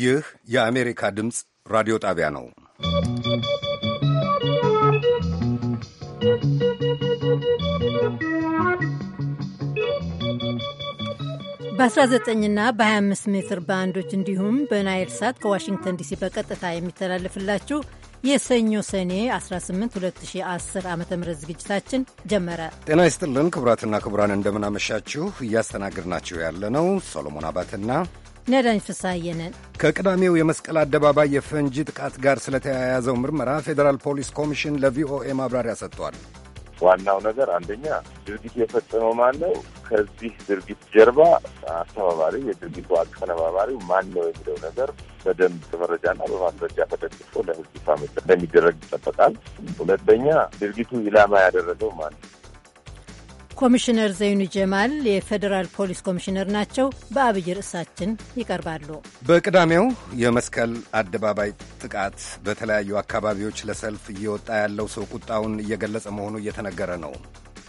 ይህ የአሜሪካ ድምፅ ራዲዮ ጣቢያ ነው። በ19ና በ25 ሜትር ባንዶች እንዲሁም በናይል ሳት ከዋሽንግተን ዲሲ በቀጥታ የሚተላለፍላችሁ የሰኞ ሰኔ 18 2010 ዓ ም ዝግጅታችን ጀመረ። ጤና ይስጥልን ክቡራትና ክቡራን፣ እንደምናመሻችሁ። እያስተናግድናችሁ ያለ ነው ሶሎሞን አባትና ነዳኝ ፍሳየነን ከቅዳሜው የመስቀል አደባባይ የፈንጂ ጥቃት ጋር ስለተያያዘው ምርመራ ፌዴራል ፖሊስ ኮሚሽን ለቪኦኤ ማብራሪያ ሰጥቷል። ዋናው ነገር አንደኛ ድርጊት የፈጸመው ማን ነው፣ ከዚህ ድርጊት ጀርባ አስተባባሪ፣ የድርጊቱ አቀነባባሪው ማን ነው የሚለው ነገር በደንብ በመረጃና በማስረጃ ተደግፎ ለሕዝብ ይፋ እንደሚደረግ ይጠበቃል። ሁለተኛ ድርጊቱ ኢላማ ያደረገው ማን ነው ኮሚሽነር ዘይኑ ጀማል የፌዴራል ፖሊስ ኮሚሽነር ናቸው። በአብይ ርዕሳችን ይቀርባሉ። በቅዳሜው የመስቀል አደባባይ ጥቃት በተለያዩ አካባቢዎች ለሰልፍ እየወጣ ያለው ሰው ቁጣውን እየገለጸ መሆኑ እየተነገረ ነው።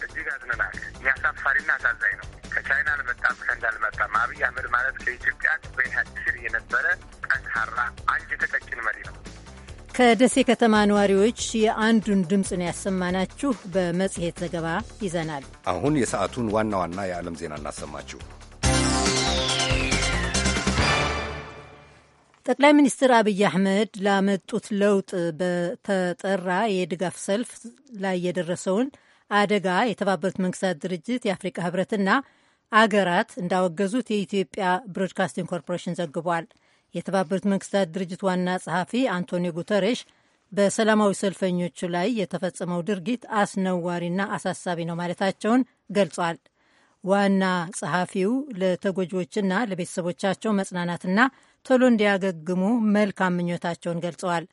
እጅግ አዝነናል። ያሳፋሪና አሳዛኝ ነው። ከቻይና አልመጣም፣ ከህንድ አልመጣም። አብይ አህመድ ማለት ከኢትዮጵያ በኢህአዲር የነበረ ጠንካራ አንጅ ተቀጭን መሪ ነው። ከደሴ ከተማ ነዋሪዎች የአንዱን ድምፅ ነው ያሰማናችሁ። በመጽሔት ዘገባ ይዘናል። አሁን የሰዓቱን ዋና ዋና የዓለም ዜና እናሰማችሁ። ጠቅላይ ሚኒስትር አብይ አህመድ ላመጡት ለውጥ በተጠራ የድጋፍ ሰልፍ ላይ የደረሰውን አደጋ የተባበሩት መንግስታት ድርጅት የአፍሪካ ህብረትና አገራት እንዳወገዙት የኢትዮጵያ ብሮድካስቲንግ ኮርፖሬሽን ዘግቧል። የተባበሩት መንግስታት ድርጅት ዋና ጸሐፊ አንቶኒዮ ጉተሬሽ በሰላማዊ ሰልፈኞቹ ላይ የተፈጸመው ድርጊት አስነዋሪና አሳሳቢ ነው ማለታቸውን ገልጿል። ዋና ጸሐፊው ለተጎጂዎችና ለቤተሰቦቻቸው መጽናናትና ቶሎ እንዲያገግሙ መልካም ምኞታቸውን ገልጸዋል።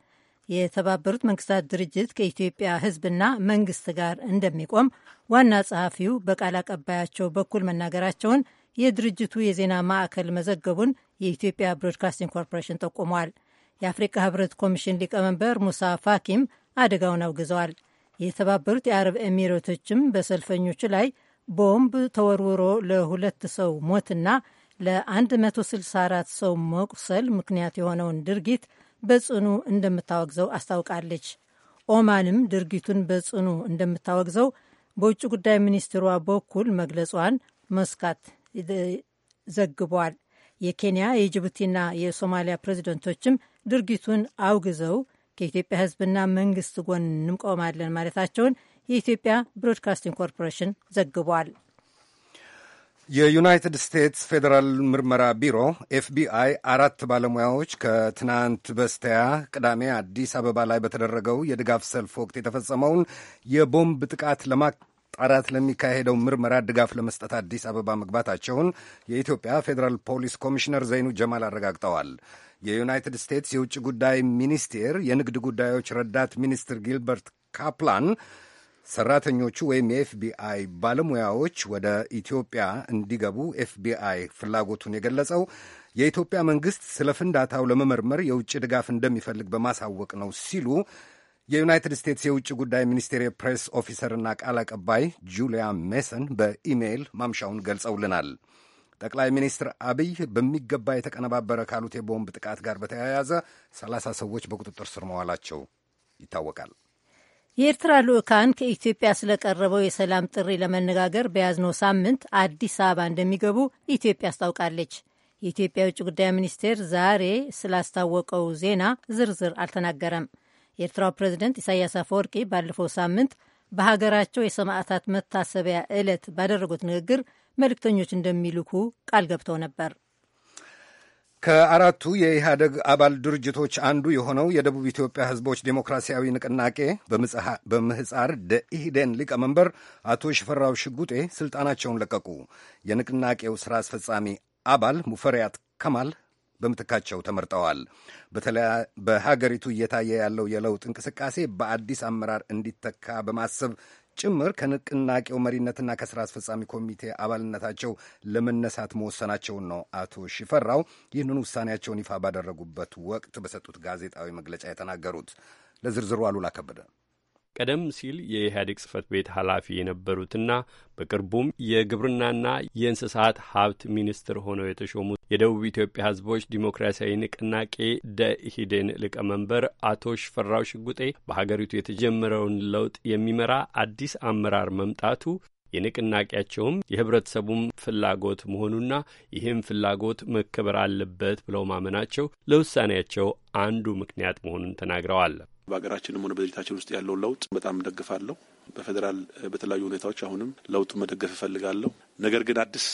የተባበሩት መንግስታት ድርጅት ከኢትዮጵያ ሕዝብና መንግስት ጋር እንደሚቆም ዋና ጸሐፊው በቃል አቀባያቸው በኩል መናገራቸውን የድርጅቱ የዜና ማዕከል መዘገቡን የኢትዮጵያ ብሮድካስቲንግ ኮርፖሬሽን ጠቁሟል። የአፍሪካ ህብረት ኮሚሽን ሊቀመንበር ሙሳ ፋኪም አደጋውን አውግዘዋል። የተባበሩት የአረብ ኤሚሬቶችም በሰልፈኞቹ ላይ ቦምብ ተወርውሮ ለሁለት ሰው ሞትና ለ164 ሰው መቁሰል ምክንያት የሆነውን ድርጊት በጽኑ እንደምታወግዘው አስታውቃለች። ኦማንም ድርጊቱን በጽኑ እንደምታወግዘው በውጭ ጉዳይ ሚኒስትሯ በኩል መግለጿን መስካት ዘግቧል። የኬንያ የጅቡቲና የሶማሊያ ፕሬዚደንቶችም ድርጊቱን አውግዘው ከኢትዮጵያ ሕዝብና መንግስት ጎን እንቆማለን ማለታቸውን የኢትዮጵያ ብሮድካስቲንግ ኮርፖሬሽን ዘግቧል። የዩናይትድ ስቴትስ ፌዴራል ምርመራ ቢሮ ኤፍቢአይ አራት ባለሙያዎች ከትናንት በስቲያ ቅዳሜ አዲስ አበባ ላይ በተደረገው የድጋፍ ሰልፍ ወቅት የተፈጸመውን የቦምብ ጥቃት ለማ ማጣራት ለሚካሄደው ምርመራ ድጋፍ ለመስጠት አዲስ አበባ መግባታቸውን የኢትዮጵያ ፌዴራል ፖሊስ ኮሚሽነር ዘይኑ ጀማል አረጋግጠዋል። የዩናይትድ ስቴትስ የውጭ ጉዳይ ሚኒስቴር የንግድ ጉዳዮች ረዳት ሚኒስትር ጊልበርት ካፕላን ሰራተኞቹ ወይም የኤፍቢአይ ባለሙያዎች ወደ ኢትዮጵያ እንዲገቡ ኤፍቢአይ ፍላጎቱን የገለጸው የኢትዮጵያ መንግሥት ስለ ፍንዳታው ለመመርመር የውጭ ድጋፍ እንደሚፈልግ በማሳወቅ ነው ሲሉ የዩናይትድ ስቴትስ የውጭ ጉዳይ ሚኒስቴር የፕሬስ ኦፊሰርና ቃል አቀባይ ጁሊያ ሜሰን በኢሜይል ማምሻውን ገልጸውልናል። ጠቅላይ ሚኒስትር አብይ በሚገባ የተቀነባበረ ካሉት የቦምብ ጥቃት ጋር በተያያዘ ሰላሳ ሰዎች በቁጥጥር ስር መዋላቸው ይታወቃል። የኤርትራ ልዑካን ከኢትዮጵያ ስለቀረበው የሰላም ጥሪ ለመነጋገር በያዝነው ሳምንት አዲስ አበባ እንደሚገቡ ኢትዮጵያ አስታውቃለች። የኢትዮጵያ የውጭ ጉዳይ ሚኒስቴር ዛሬ ስላስታወቀው ዜና ዝርዝር አልተናገረም። የኤርትራው ፕሬዚደንት ኢሳያስ አፈወርቂ ባለፈው ሳምንት በሀገራቸው የሰማዕታት መታሰቢያ ዕለት ባደረጉት ንግግር መልእክተኞች እንደሚልኩ ቃል ገብተው ነበር። ከአራቱ የኢህአደግ አባል ድርጅቶች አንዱ የሆነው የደቡብ ኢትዮጵያ ሕዝቦች ዴሞክራሲያዊ ንቅናቄ በምህፃር ደኢህዴን ሊቀመንበር አቶ ሽፈራው ሽጉጤ ስልጣናቸውን ለቀቁ። የንቅናቄው ሥራ አስፈጻሚ አባል ሙፈሪያት ከማል በምትካቸው ተመርጠዋል። በሀገሪቱ እየታየ ያለው የለውጥ እንቅስቃሴ በአዲስ አመራር እንዲተካ በማሰብ ጭምር ከንቅናቄው መሪነትና ከስራ አስፈጻሚ ኮሚቴ አባልነታቸው ለመነሳት መወሰናቸውን ነው አቶ ሽፈራው ይህንን ውሳኔያቸውን ይፋ ባደረጉበት ወቅት በሰጡት ጋዜጣዊ መግለጫ የተናገሩት። ለዝርዝሩ አሉላ ከበደ ቀደም ሲል የኢህአዴግ ጽህፈት ቤት ኃላፊ የነበሩትና በቅርቡም የግብርናና የእንስሳት ሀብት ሚኒስትር ሆነው የተሾሙት የደቡብ ኢትዮጵያ ህዝቦች ዲሞክራሲያዊ ንቅናቄ ደኢህዴን ሊቀመንበር አቶ ሽፈራው ሽጉጤ በሀገሪቱ የተጀመረውን ለውጥ የሚመራ አዲስ አመራር መምጣቱ የንቅናቄያቸውም የህብረተሰቡም ፍላጎት መሆኑና ይህም ፍላጎት መከበር አለበት ብለው ማመናቸው ለውሳኔያቸው አንዱ ምክንያት መሆኑን ተናግረዋል። በሀገራችንም ሆነ በድርጅታችን ውስጥ ያለውን ለውጥ በጣም ደግፋለሁ። በፌዴራል በተለያዩ ሁኔታዎች አሁንም ለውጡ መደገፍ እፈልጋለሁ። ነገር ግን አዲስ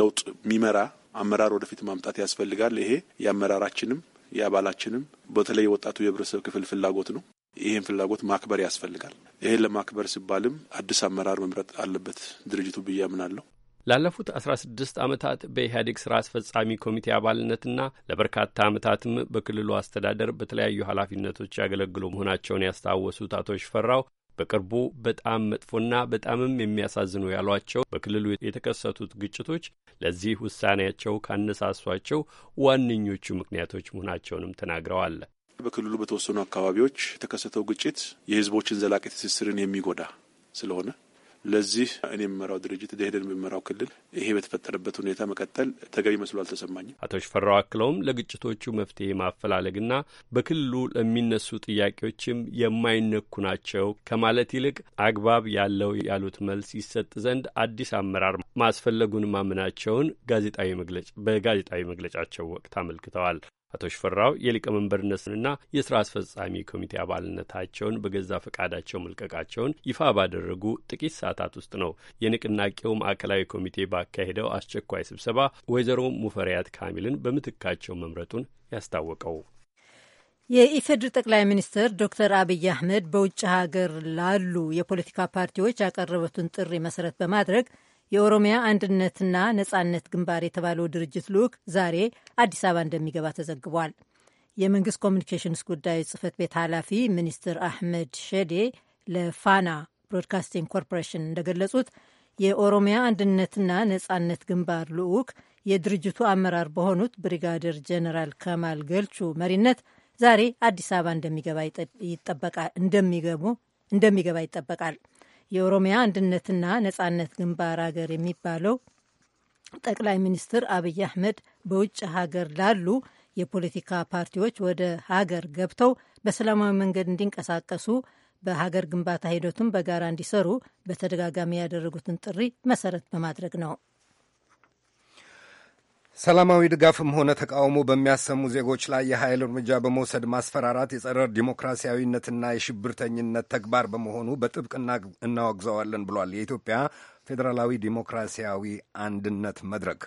ለውጥ የሚመራ አመራር ወደፊት ማምጣት ያስፈልጋል። ይሄ የአመራራችንም የአባላችንም በተለይ ወጣቱ የህብረተሰብ ክፍል ፍላጎት ነው። ይህን ፍላጎት ማክበር ያስፈልጋል። ይህን ለማክበር ሲባልም አዲስ አመራር መምረጥ አለበት ድርጅቱ ብዬ አምናለሁ። ላለፉት 16 ዓመታት በኢህአዴግ ሥራ አስፈጻሚ ኮሚቴ አባልነትና ለበርካታ ዓመታትም በክልሉ አስተዳደር በተለያዩ ኃላፊነቶች ያገለግሉ መሆናቸውን ያስታወሱት አቶ ሽፈራው በቅርቡ በጣም መጥፎና በጣምም የሚያሳዝኑ ያሏቸው በክልሉ የተከሰቱት ግጭቶች ለዚህ ውሳኔያቸው ካነሳሷቸው ዋነኞቹ ምክንያቶች መሆናቸውንም ተናግረዋል። በክልሉ በተወሰኑ አካባቢዎች የተከሰተው ግጭት የህዝቦችን ዘላቂ ትስስርን የሚጎዳ ስለሆነ ለዚህ እኔ የምመራው ድርጅት ደሄደን የምመራው ክልል ይሄ በተፈጠረበት ሁኔታ መቀጠል ተገቢ መስሎ አልተሰማኝም። አቶ ሽፈራው አክለውም ለግጭቶቹ መፍትሄ ማፈላለግና በክልሉ ለሚነሱ ጥያቄዎችም የማይነኩ ናቸው ከማለት ይልቅ አግባብ ያለው ያሉት መልስ ይሰጥ ዘንድ አዲስ አመራር ማስፈለጉን ማመናቸውን ጋዜጣዊ መግለጫ በጋዜጣዊ መግለጫቸው ወቅት አመልክተዋል። አቶ ሽፈራው የሊቀመንበርነትና የስራ አስፈጻሚ ኮሚቴ አባልነታቸውን በገዛ ፈቃዳቸው መልቀቃቸውን ይፋ ባደረጉ ጥቂት ሰዓታት ውስጥ ነው የንቅናቄው ማዕከላዊ ኮሚቴ ባካሄደው አስቸኳይ ስብሰባ ወይዘሮ ሙፈሪያት ካሚልን በምትካቸው መምረጡን ያስታወቀው። የኢፌድሪ ጠቅላይ ሚኒስትር ዶክተር አብይ አህመድ በውጭ ሀገር ላሉ የፖለቲካ ፓርቲዎች ያቀረበትን ጥሪ መሰረት በማድረግ የኦሮሚያ አንድነትና ነጻነት ግንባር የተባለው ድርጅት ልዑክ ዛሬ አዲስ አበባ እንደሚገባ ተዘግቧል። የመንግስት ኮሚኒኬሽንስ ጉዳዮች ጽህፈት ቤት ኃላፊ ሚኒስትር አህመድ ሸዴ ለፋና ብሮድካስቲንግ ኮርፖሬሽን እንደገለጹት የኦሮሚያ አንድነትና ነጻነት ግንባር ልዑክ የድርጅቱ አመራር በሆኑት ብሪጋደር ጀነራል ከማል ገልቹ መሪነት ዛሬ አዲስ አበባ እንደሚገባ ይጠበቃል እንደሚገቡ እንደሚገባ ይጠበቃል። የኦሮሚያ አንድነትና ነጻነት ግንባር አገር የሚባለው ጠቅላይ ሚኒስትር አብይ አህመድ በውጭ ሀገር ላሉ የፖለቲካ ፓርቲዎች ወደ ሀገር ገብተው በሰላማዊ መንገድ እንዲንቀሳቀሱ በሀገር ግንባታ ሂደቱን በጋራ እንዲሰሩ በተደጋጋሚ ያደረጉትን ጥሪ መሰረት በማድረግ ነው። ሰላማዊ ድጋፍም ሆነ ተቃውሞ በሚያሰሙ ዜጎች ላይ የኃይል እርምጃ በመውሰድ ማስፈራራት የጸረ ዲሞክራሲያዊነትና የሽብርተኝነት ተግባር በመሆኑ በጥብቅ እናወግዘዋለን ብሏል የኢትዮጵያ ፌዴራላዊ ዲሞክራሲያዊ አንድነት መድረክ።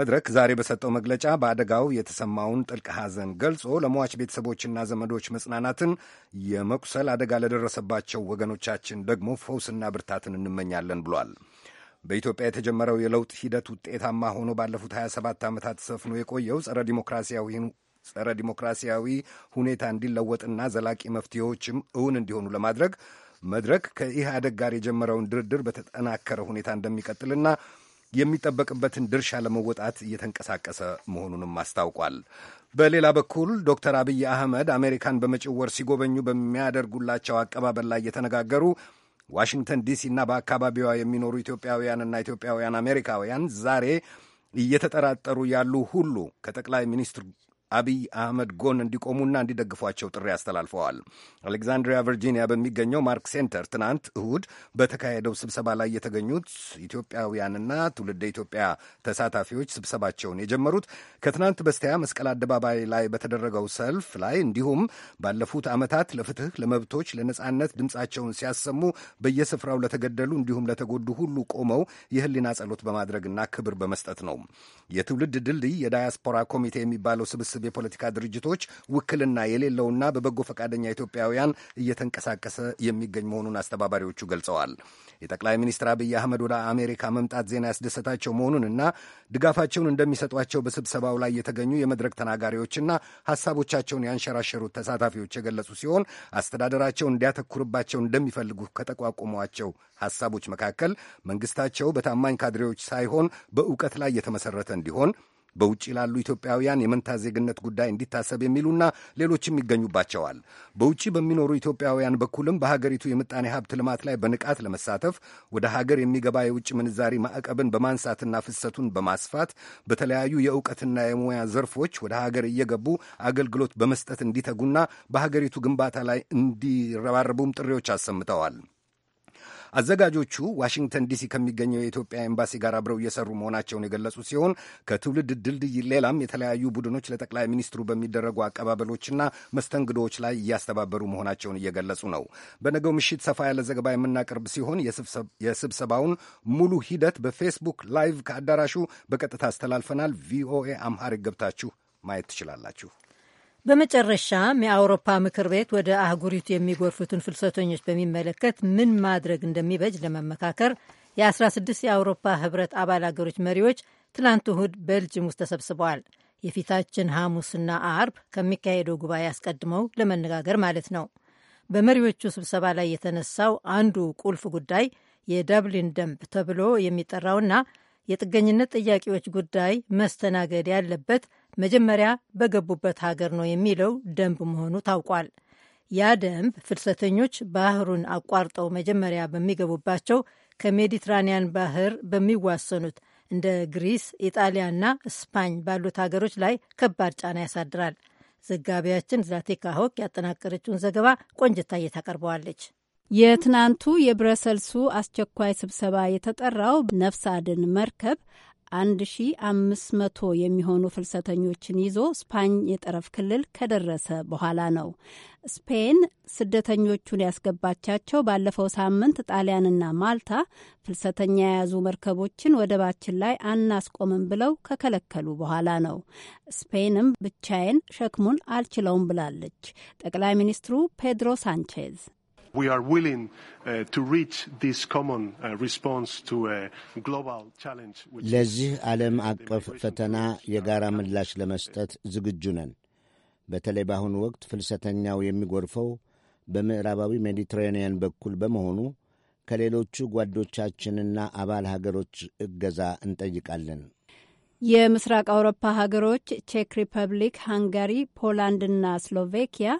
መድረክ ዛሬ በሰጠው መግለጫ በአደጋው የተሰማውን ጥልቅ ሐዘን ገልጾ ለሟች ቤተሰቦችና ዘመዶች መጽናናትን፣ የመቁሰል አደጋ ለደረሰባቸው ወገኖቻችን ደግሞ ፈውስና ብርታትን እንመኛለን ብሏል። በኢትዮጵያ የተጀመረው የለውጥ ሂደት ውጤታማ ሆኖ ባለፉት 27 ዓመታት ሰፍኖ የቆየው ጸረ ዲሞክራሲያዊ ጸረ ዲሞክራሲያዊ ሁኔታ እንዲለወጥና ዘላቂ መፍትሄዎችም እውን እንዲሆኑ ለማድረግ መድረክ ከኢህአደግ ጋር የጀመረውን ድርድር በተጠናከረ ሁኔታ እንደሚቀጥልና የሚጠበቅበትን ድርሻ ለመወጣት እየተንቀሳቀሰ መሆኑንም አስታውቋል። በሌላ በኩል ዶክተር አብይ አህመድ አሜሪካን በመጭወር ሲጎበኙ በሚያደርጉላቸው አቀባበል ላይ የተነጋገሩ ዋሽንግተን እና በአካባቢዋ የሚኖሩ ኢትዮጵያውያንና ኢትዮጵያውያን አሜሪካውያን ዛሬ እየተጠራጠሩ ያሉ ሁሉ ከጠቅላይ ሚኒስትር አቢይ አህመድ ጎን እንዲቆሙና እንዲደግፏቸው ጥሪ አስተላልፈዋል። አሌክዛንድሪያ ቨርጂኒያ በሚገኘው ማርክ ሴንተር ትናንት እሁድ በተካሄደው ስብሰባ ላይ የተገኙት ኢትዮጵያውያንና ትውልደ ኢትዮጵያ ተሳታፊዎች ስብሰባቸውን የጀመሩት ከትናንት በስቲያ መስቀል አደባባይ ላይ በተደረገው ሰልፍ ላይ እንዲሁም ባለፉት ዓመታት ለፍትህ፣ ለመብቶች፣ ለነጻነት ድምፃቸውን ሲያሰሙ በየስፍራው ለተገደሉ እንዲሁም ለተጎዱ ሁሉ ቆመው የህሊና ጸሎት በማድረግና ክብር በመስጠት ነው። የትውልድ ድልድይ የዳያስፖራ ኮሚቴ የሚባለው ስብስብ የሚሰበስብ የፖለቲካ ድርጅቶች ውክልና የሌለውና በበጎ ፈቃደኛ ኢትዮጵያውያን እየተንቀሳቀሰ የሚገኝ መሆኑን አስተባባሪዎቹ ገልጸዋል። የጠቅላይ ሚኒስትር አብይ አህመድ ወደ አሜሪካ መምጣት ዜና ያስደሰታቸው መሆኑንና ድጋፋቸውን እንደሚሰጧቸው በስብሰባው ላይ የተገኙ የመድረክ ተናጋሪዎችና ሀሳቦቻቸውን ያንሸራሸሩት ተሳታፊዎች የገለጹ ሲሆን አስተዳደራቸው እንዲያተኩርባቸው እንደሚፈልጉ ከተቋቁሟቸው ሀሳቦች መካከል መንግስታቸው በታማኝ ካድሬዎች ሳይሆን በእውቀት ላይ የተመሰረተ እንዲሆን በውጭ ላሉ ኢትዮጵያውያን የመንታ ዜግነት ጉዳይ እንዲታሰብ የሚሉና ሌሎችም ይገኙባቸዋል። በውጭ በሚኖሩ ኢትዮጵያውያን በኩልም በሀገሪቱ የምጣኔ ሀብት ልማት ላይ በንቃት ለመሳተፍ ወደ ሀገር የሚገባ የውጭ ምንዛሪ ማዕቀብን በማንሳትና ፍሰቱን በማስፋት በተለያዩ የእውቀትና የሙያ ዘርፎች ወደ ሀገር እየገቡ አገልግሎት በመስጠት እንዲተጉና በሀገሪቱ ግንባታ ላይ እንዲረባረቡም ጥሪዎች አሰምተዋል። አዘጋጆቹ ዋሽንግተን ዲሲ ከሚገኘው የኢትዮጵያ ኤምባሲ ጋር አብረው እየሰሩ መሆናቸውን የገለጹ ሲሆን ከትውልድ ድልድይ ሌላም የተለያዩ ቡድኖች ለጠቅላይ ሚኒስትሩ በሚደረጉ አቀባበሎችና መስተንግዶዎች ላይ እያስተባበሩ መሆናቸውን እየገለጹ ነው። በነገው ምሽት ሰፋ ያለ ዘገባ የምናቀርብ ሲሆን የስብሰባውን ሙሉ ሂደት በፌስቡክ ላይቭ ከአዳራሹ በቀጥታ አስተላልፈናል። ቪኦኤ አምሃሪክ ገብታችሁ ማየት ትችላላችሁ። በመጨረሻም የአውሮፓ ምክር ቤት ወደ አህጉሪቱ የሚጎርፉትን ፍልሰተኞች በሚመለከት ምን ማድረግ እንደሚበጅ ለመመካከር የ16 የአውሮፓ ህብረት አባል አገሮች መሪዎች ትናንት እሁድ በልጅም ውስጥ ተሰብስበዋል። የፊታችን ሐሙስና አርብ ከሚካሄደው ጉባኤ አስቀድመው ለመነጋገር ማለት ነው። በመሪዎቹ ስብሰባ ላይ የተነሳው አንዱ ቁልፍ ጉዳይ የደብሊን ደንብ ተብሎ የሚጠራውና የጥገኝነት ጥያቄዎች ጉዳይ መስተናገድ ያለበት መጀመሪያ በገቡበት ሀገር ነው የሚለው ደንብ መሆኑ ታውቋል። ያ ደንብ ፍልሰተኞች ባህሩን አቋርጠው መጀመሪያ በሚገቡባቸው ከሜዲትራኒያን ባህር በሚዋሰኑት እንደ ግሪስ፣ ኢጣሊያና ስፓኝ ባሉት ሀገሮች ላይ ከባድ ጫና ያሳድራል። ዘጋቢያችን ዛቴካ ሆክ ያጠናቀረችውን ዘገባ ቆንጅታዬ ታቀርበዋለች። የትናንቱ የብረሰልሱ አስቸኳይ ስብሰባ የተጠራው ነፍስ አድን መርከብ 1500 የሚሆኑ ፍልሰተኞችን ይዞ ስፓኝ የጠረፍ ክልል ከደረሰ በኋላ ነው። ስፔን ስደተኞቹን ያስገባቻቸው ባለፈው ሳምንት ጣሊያንና ማልታ ፍልሰተኛ የያዙ መርከቦችን ወደባችን ላይ አናስቆምም ብለው ከከለከሉ በኋላ ነው። ስፔንም ብቻዬን ሸክሙን አልችለውም ብላለች። ጠቅላይ ሚኒስትሩ ፔድሮ ሳንቼዝ We are willing uh, to reach this common uh, response to a global challenge. ለዚህ ዓለም አቀፍ ፈተና የጋራ ምላሽ ለመስጠት ዝግጁ ነን። በተለይ በአሁኑ ወቅት ፍልሰተኛው የሚጎርፈው በምዕራባዊ ሜዲትራኒያን በኩል በመሆኑ ከሌሎቹ ጓዶቻችንና አባል ሀገሮች እገዛ እንጠይቃለን። የምስራቅ አውሮፓ ሀገሮች ቼክ ሪፐብሊክ፣ ሃንጋሪ፣ ፖላንድና ስሎቬኪያ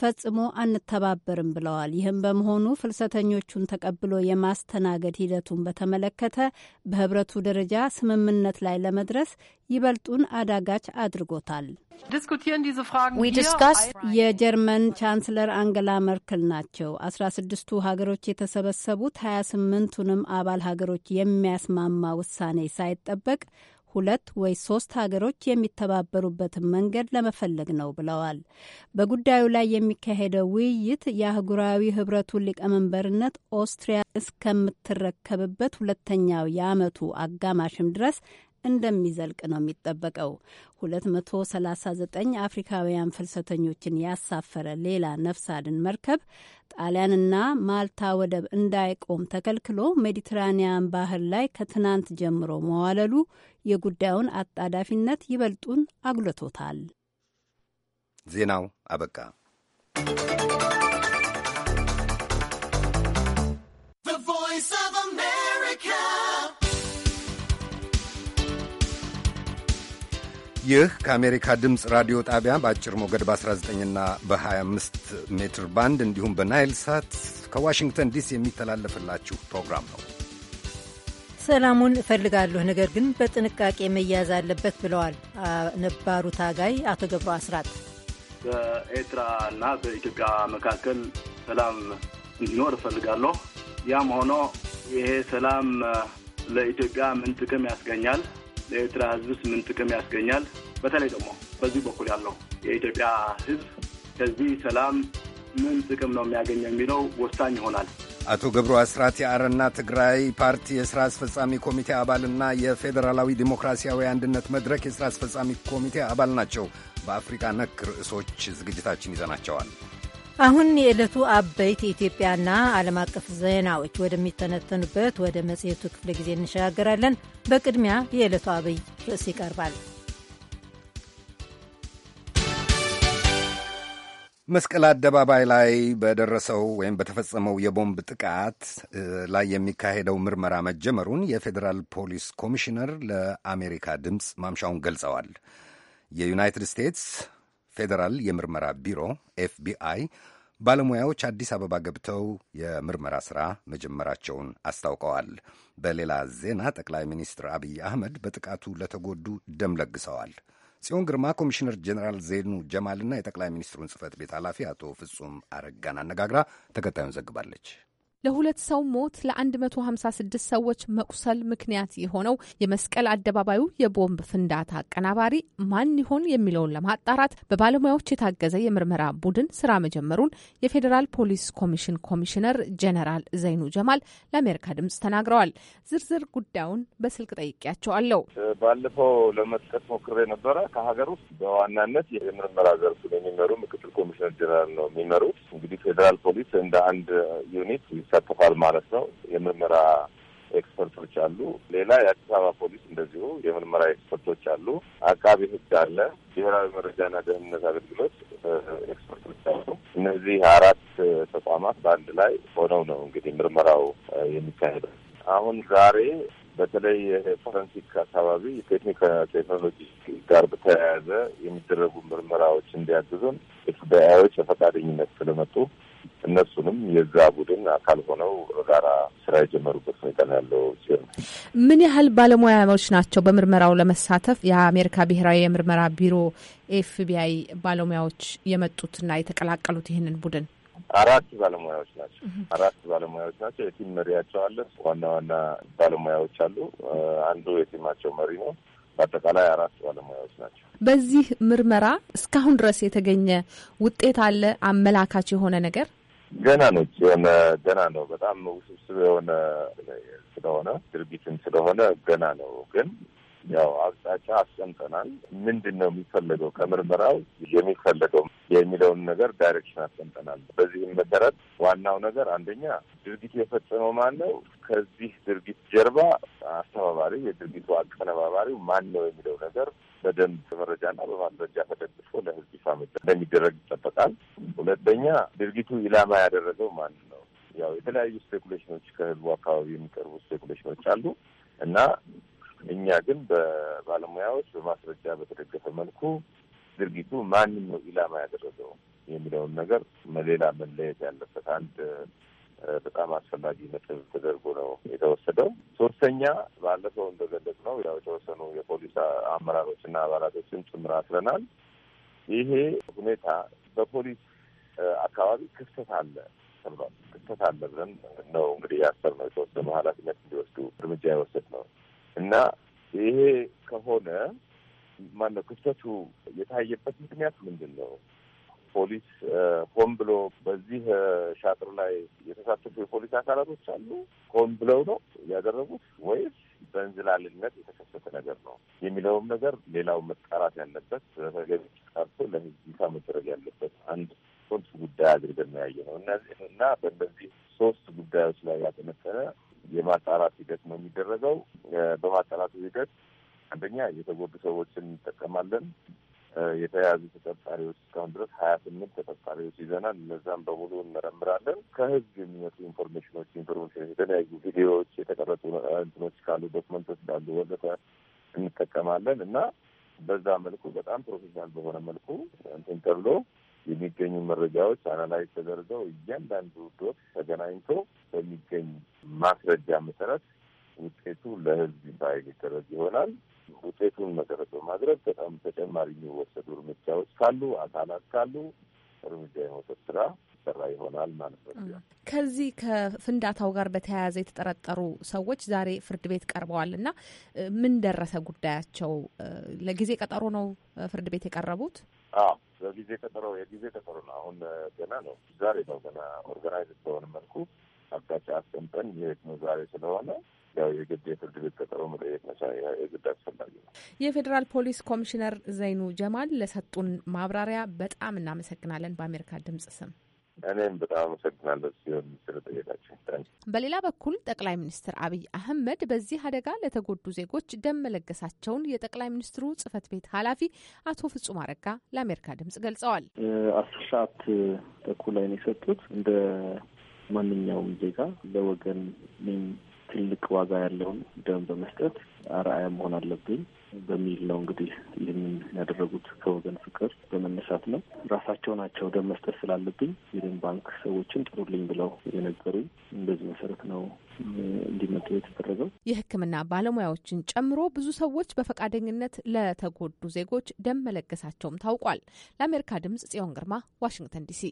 ፈጽሞ አንተባበርም ብለዋል። ይህም በመሆኑ ፍልሰተኞቹን ተቀብሎ የማስተናገድ ሂደቱን በተመለከተ በህብረቱ ደረጃ ስምምነት ላይ ለመድረስ ይበልጡን አዳጋች አድርጎታል። የጀርመን ቻንስለር አንገላ መርክል ናቸው። አስራ ስድስቱ ሀገሮች የተሰበሰቡት ሀያ ስምንቱንም አባል ሀገሮች የሚያስማማ ውሳኔ ሳይጠበቅ ሁለት ወይ ሶስት ሀገሮች የሚተባበሩበትን መንገድ ለመፈለግ ነው ብለዋል። በጉዳዩ ላይ የሚካሄደው ውይይት የአህጉራዊ ህብረቱ ሊቀመንበርነት ኦስትሪያ እስከምትረከብበት ሁለተኛው የአመቱ አጋማሽም ድረስ እንደሚዘልቅ ነው የሚጠበቀው። 239 አፍሪካውያን ፍልሰተኞችን ያሳፈረ ሌላ ነፍስ አድን መርከብ ጣሊያንና ማልታ ወደብ እንዳይቆም ተከልክሎ ሜዲትራኒያን ባህር ላይ ከትናንት ጀምሮ መዋለሉ የጉዳዩን አጣዳፊነት ይበልጡን አጉልቶታል። ዜናው አበቃ። ይህ ከአሜሪካ ድምፅ ራዲዮ ጣቢያ በአጭር ሞገድ በ19 ና በ25 ሜትር ባንድ እንዲሁም በናይል ሳት ከዋሽንግተን ዲሲ የሚተላለፍላችሁ ፕሮግራም ነው። ሰላሙን እፈልጋለሁ፣ ነገር ግን በጥንቃቄ መያዝ አለበት ብለዋል ነባሩ ታጋይ አቶ ገብሩ አስራት። በኤርትራ እና በኢትዮጵያ መካከል ሰላም እንዲኖር እፈልጋለሁ። ያም ሆኖ ይሄ ሰላም ለኢትዮጵያ ምን ጥቅም ያስገኛል? ለኤርትራ ህዝብስ ምን ጥቅም ያስገኛል? በተለይ ደግሞ በዚህ በኩል ያለው የኢትዮጵያ ህዝብ ከዚህ ሰላም ምን ጥቅም ነው የሚያገኝ የሚለው ወሳኝ ይሆናል። አቶ ገብሩ አስራት የአረና ትግራይ ፓርቲ የሥራ አስፈጻሚ ኮሚቴ አባልና የፌዴራላዊ ዲሞክራሲያዊ አንድነት መድረክ የሥራ አስፈጻሚ ኮሚቴ አባል ናቸው። በአፍሪካ ነክ ርዕሶች ዝግጅታችን ይዘናቸዋል። አሁን የዕለቱ አበይት የኢትዮጵያና ዓለም አቀፍ ዜናዎች ወደሚተነተኑበት ወደ መጽሔቱ ክፍለ ጊዜ እንሸጋገራለን። በቅድሚያ የዕለቱ አብይ ርዕስ ይቀርባል። መስቀል አደባባይ ላይ በደረሰው ወይም በተፈጸመው የቦምብ ጥቃት ላይ የሚካሄደው ምርመራ መጀመሩን የፌዴራል ፖሊስ ኮሚሽነር ለአሜሪካ ድምፅ ማምሻውን ገልጸዋል። የዩናይትድ ስቴትስ ፌዴራል የምርመራ ቢሮ ኤፍቢአይ ባለሙያዎች አዲስ አበባ ገብተው የምርመራ ሥራ መጀመራቸውን አስታውቀዋል። በሌላ ዜና ጠቅላይ ሚኒስትር አብይ አህመድ በጥቃቱ ለተጎዱ ደም ለግሰዋል። ጽዮን ግርማ ኮሚሽነር ጀኔራል ዜኑ ጀማልና የጠቅላይ ሚኒስትሩን ጽህፈት ቤት ኃላፊ አቶ ፍጹም አረጋን አነጋግራ ተከታዩን ዘግባለች። ለሁለት ሰው ሞት ለ156 ሰዎች መቁሰል ምክንያት የሆነው የመስቀል አደባባዩ የቦምብ ፍንዳታ አቀናባሪ ማን ይሆን የሚለውን ለማጣራት በባለሙያዎች የታገዘ የምርመራ ቡድን ስራ መጀመሩን የፌዴራል ፖሊስ ኮሚሽን ኮሚሽነር ጀነራል ዘይኑ ጀማል ለአሜሪካ ድምጽ ተናግረዋል። ዝርዝር ጉዳዩን በስልክ ጠይቄያቸዋለሁ። ባለፈው ለመጥቀስ ሞክሬ ነበረ። ከሀገር ውስጥ በዋናነት የምርመራ ዘርፉን የሚመሩ ምክትል ኮሚሽነር ጀነራል ነው የሚመሩት። እንግዲህ ፌዴራል ፖሊስ እንደ አንድ ዩኒት ይሳተፋል ማለት ነው። የምርመራ ኤክስፐርቶች አሉ። ሌላ የአዲስ አበባ ፖሊስ እንደዚሁ የምርመራ ኤክስፐርቶች አሉ። አቃቢ ሕግ አለ። ብሔራዊ መረጃና ደህንነት አገልግሎት ኤክስፐርቶች አሉ። እነዚህ አራት ተቋማት በአንድ ላይ ሆነው ነው እንግዲህ ምርመራው የሚካሄደው። አሁን ዛሬ በተለይ የፎረንሲክ አካባቢ ቴክኒክ ቴክኖሎጂ ጋር በተያያዘ የሚደረጉ ምርመራዎች እንዲያግዙን ኤፍቢአዮች በፈቃደኝነት ስለመጡ እነሱንም የዛ ቡድን አካል ሆነው በጋራ ስራ የጀመሩበት ሁኔታ ነው ያለው ሲሆን ምን ያህል ባለሙያዎች ናቸው በምርመራው ለመሳተፍ የአሜሪካ ብሔራዊ የምርመራ ቢሮ ኤፍቢአይ ባለሙያዎች የመጡትና የተቀላቀሉት ይህንን ቡድን? አራት ባለሙያዎች ናቸው። አራት ባለሙያዎች ናቸው። የቲም መሪያቸው አለ። ዋና ዋና ባለሙያዎች አሉ። አንዱ የቲማቸው መሪ ነው። በአጠቃላይ አራት ባለሙያዎች ናቸው። በዚህ ምርመራ እስካሁን ድረስ የተገኘ ውጤት አለ? አመላካች የሆነ ነገር ገና ነው። የሆነ ገና ነው። በጣም ውስብስብ የሆነ ስለሆነ ድርጊትን ስለሆነ ገና ነው ግን ያው አቅጣጫ አስቀምጠናል። ምንድን ነው የሚፈለገው ከምርመራው የሚፈለገው የሚለውን ነገር ዳይሬክሽን አስቀምጠናል። በዚህም መሰረት ዋናው ነገር አንደኛ ድርጊቱ የፈጸመው ማን ነው፣ ከዚህ ድርጊት ጀርባ አስተባባሪ፣ የድርጊቱ አቀነባባሪው ማን ነው የሚለው ነገር በደንብ መረጃና በማስረጃ ተደግፎ ለህዝብ ይፋ እንደሚደረግ ይጠበቃል። ሁለተኛ ድርጊቱ ኢላማ ያደረገው ማን ነው? ያው የተለያዩ ስፔኩሌሽኖች ከህዝቡ አካባቢ የሚቀርቡ ስፔኩሌሽኖች አሉ እና እኛ ግን በባለሙያዎች በማስረጃ በተደገፈ መልኩ ድርጊቱ ማንም ነው ኢላማ ያደረገው የሚለውን ነገር ሌላ መለየት ያለበት አንድ በጣም አስፈላጊ ነጥብ ተደርጎ ነው የተወሰደው። ሶስተኛ ባለፈው እንደገለጽ ነው ያው የተወሰኑ የፖሊስ አመራሮች አመራሮችና አባላቶችን ጭምር አስረናል። ይሄ ሁኔታ በፖሊስ አካባቢ ክፍተት አለ ተብሏል። ክፍተት አለ ብለን ነው እንግዲህ ያሰብነው የተወሰኑ ኃላፊነት እንዲወስዱ እርምጃ የወሰድነው እና ይሄ ከሆነ ማነው ክፍተቱ የታየበት ምክንያት ምንድን ነው? ፖሊስ ሆን ብሎ በዚህ ሻጥር ላይ የተሳተፉ የፖሊስ አካላቶች አሉ። ሆን ብለው ነው ያደረጉት ወይስ በእንዝላልነት የተከሰተ ነገር ነው የሚለውም ነገር ሌላው መጣራት ያለበት በተገቢ ቀርቶ ለሕዝብ ይፋ መደረግ ያለበት አንድ ሶስት ጉዳይ አድርገን ነው ያየ ነው እና በእነዚህ ሶስት ጉዳዮች ላይ ያጠነጠነ የማጣራት ሂደት ነው የሚደረገው። በማጣራቱ ሂደት አንደኛ የተጎዱ ሰዎችን እንጠቀማለን። የተያዙ ተጠርጣሪዎች እስካሁን ድረስ ሀያ ስምንት ተጠርጣሪዎች ይዘናል። እነዛም በሙሉ እንመረምራለን። ከህዝብ የሚመጡ ኢንፎርሜሽኖች ኢንፎርሜሽን የተለያዩ ቪዲዮዎች፣ የተቀረጹ እንትኖች ካሉ፣ ዶክመንቶች ካሉ ወዘተ እንጠቀማለን እና በዛ መልኩ በጣም ፕሮፌሽናል በሆነ መልኩ እንትን ተብሎ የሚገኙ መረጃዎች አናላይዝ ተደርገው እያንዳንዱ ዶት ተገናኝቶ በሚገኝ ማስረጃ መሰረት ውጤቱ ለህዝብ በይል ይደረግ ይሆናል። ውጤቱን መሰረት በማድረግ በጣም ተጨማሪ የሚወሰዱ እርምጃዎች ካሉ አካላት ካሉ እርምጃ የመውሰድ ስራ ይሰራ ይሆናል ማለት ነው። ከዚህ ከፍንዳታው ጋር በተያያዘ የተጠረጠሩ ሰዎች ዛሬ ፍርድ ቤት ቀርበዋል እና ምን ደረሰ ጉዳያቸው? ለጊዜ ቀጠሮ ነው ፍርድ ቤት የቀረቡት። በጊዜ ቀጠሮ የጊዜ ቀጠሮ ነው። አሁን ገና ነው። ዛሬ ነው ገና ኦርጋናይዝ በሆነ መልኩ አቅጣጫ አስቀምጠን የት ነው ዛሬ ስለሆነ ያው የግድ የፍርድ ቤት ቀጠሮ መጠየቅ መቻ የግድ አስፈላጊ ነው። የፌዴራል ፖሊስ ኮሚሽነር ዘይኑ ጀማል ለሰጡን ማብራሪያ በጣም እናመሰግናለን። በአሜሪካ ድምጽ ስም እኔም በጣም አመሰግናለሁ ሲሆን ስለጠየቃቸው። በሌላ በኩል ጠቅላይ ሚኒስትር አብይ አህመድ በዚህ አደጋ ለተጎዱ ዜጎች ደም መለገሳቸውን የጠቅላይ ሚኒስትሩ ጽህፈት ቤት ኃላፊ አቶ ፍጹም አረጋ ለአሜሪካ ድምጽ ገልጸዋል። አስር ሰዓት ተኩል ላይ ነው የሰጡት። እንደ ማንኛውም ዜጋ ለወገን ትልቅ ዋጋ ያለውን ደም በመስጠት አርአያ መሆን አለብኝ በሚል ነው እንግዲህ ይህንን ያደረጉት ከወገን ፍቅር በመነሳት ነው። ራሳቸው ናቸው ደም መስጠት ስላለብኝ የደም ባንክ ሰዎችን ጥሩልኝ ብለው የነገሩኝ። እንደዚህ መሰረት ነው እንዲመጡ የተደረገው። የሕክምና ባለሙያዎችን ጨምሮ ብዙ ሰዎች በፈቃደኝነት ለተጎዱ ዜጎች ደም መለገሳቸውም ታውቋል። ለአሜሪካ ድምጽ ጽዮን ግርማ ዋሽንግተን ዲሲ።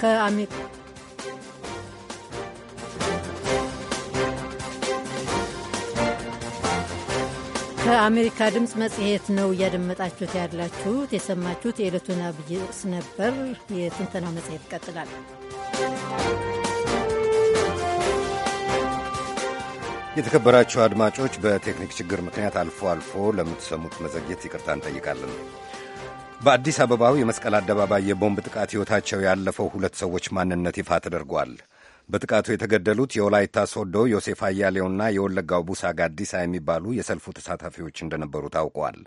ከአሜሪካ ከአሜሪካ ድምፅ መጽሔት ነው እያደመጣችሁት ያላችሁት። የሰማችሁት የዕለቱን አብይስ ነበር። የትንተናው መጽሔት ይቀጥላል። የተከበራችሁ አድማጮች፣ በቴክኒክ ችግር ምክንያት አልፎ አልፎ ለምትሰሙት መዘግየት ይቅርታ እንጠይቃለን። በአዲስ አበባው የመስቀል አደባባይ የቦምብ ጥቃት ሕይወታቸው ያለፈው ሁለት ሰዎች ማንነት ይፋ ተደርጓል። በጥቃቱ የተገደሉት የወላይታ ሶዶ ዮሴፍ አያሌውና የወለጋው ቡሳ ጋዲሳ የሚባሉ የሰልፉ ተሳታፊዎች እንደነበሩ ታውቋል።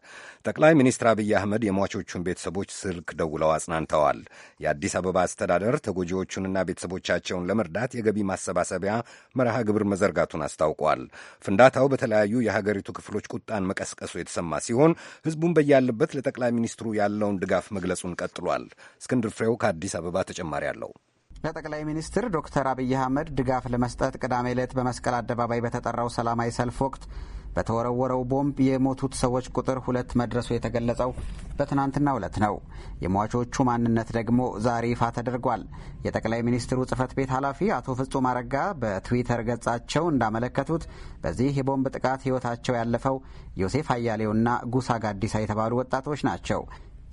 ጠቅላይ ሚኒስትር አብይ አህመድ የሟቾቹን ቤተሰቦች ስልክ ደውለው አጽናንተዋል። የአዲስ አበባ አስተዳደር ተጎጂዎቹንና ቤተሰቦቻቸውን ለመርዳት የገቢ ማሰባሰቢያ መርሃ ግብር መዘርጋቱን አስታውቋል። ፍንዳታው በተለያዩ የሀገሪቱ ክፍሎች ቁጣን መቀስቀሱ የተሰማ ሲሆን ህዝቡን በያለበት ለጠቅላይ ሚኒስትሩ ያለውን ድጋፍ መግለጹን ቀጥሏል። እስክንድር ፍሬው ከአዲስ አበባ ተጨማሪ አለው። ለጠቅላይ ሚኒስትር ዶክተር አብይ አህመድ ድጋፍ ለመስጠት ቅዳሜ ዕለት በመስቀል አደባባይ በተጠራው ሰላማዊ ሰልፍ ወቅት በተወረወረው ቦምብ የሞቱት ሰዎች ቁጥር ሁለት መድረሱ የተገለጸው በትናንትናው ዕለት ነው። የሟቾቹ ማንነት ደግሞ ዛሬ ይፋ ተደርጓል። የጠቅላይ ሚኒስትሩ ጽህፈት ቤት ኃላፊ አቶ ፍጹም አረጋ በትዊተር ገጻቸው እንዳመለከቱት በዚህ የቦምብ ጥቃት ህይወታቸው ያለፈው ዮሴፍ አያሌውና ጉሳ ጋዲሳ የተባሉ ወጣቶች ናቸው።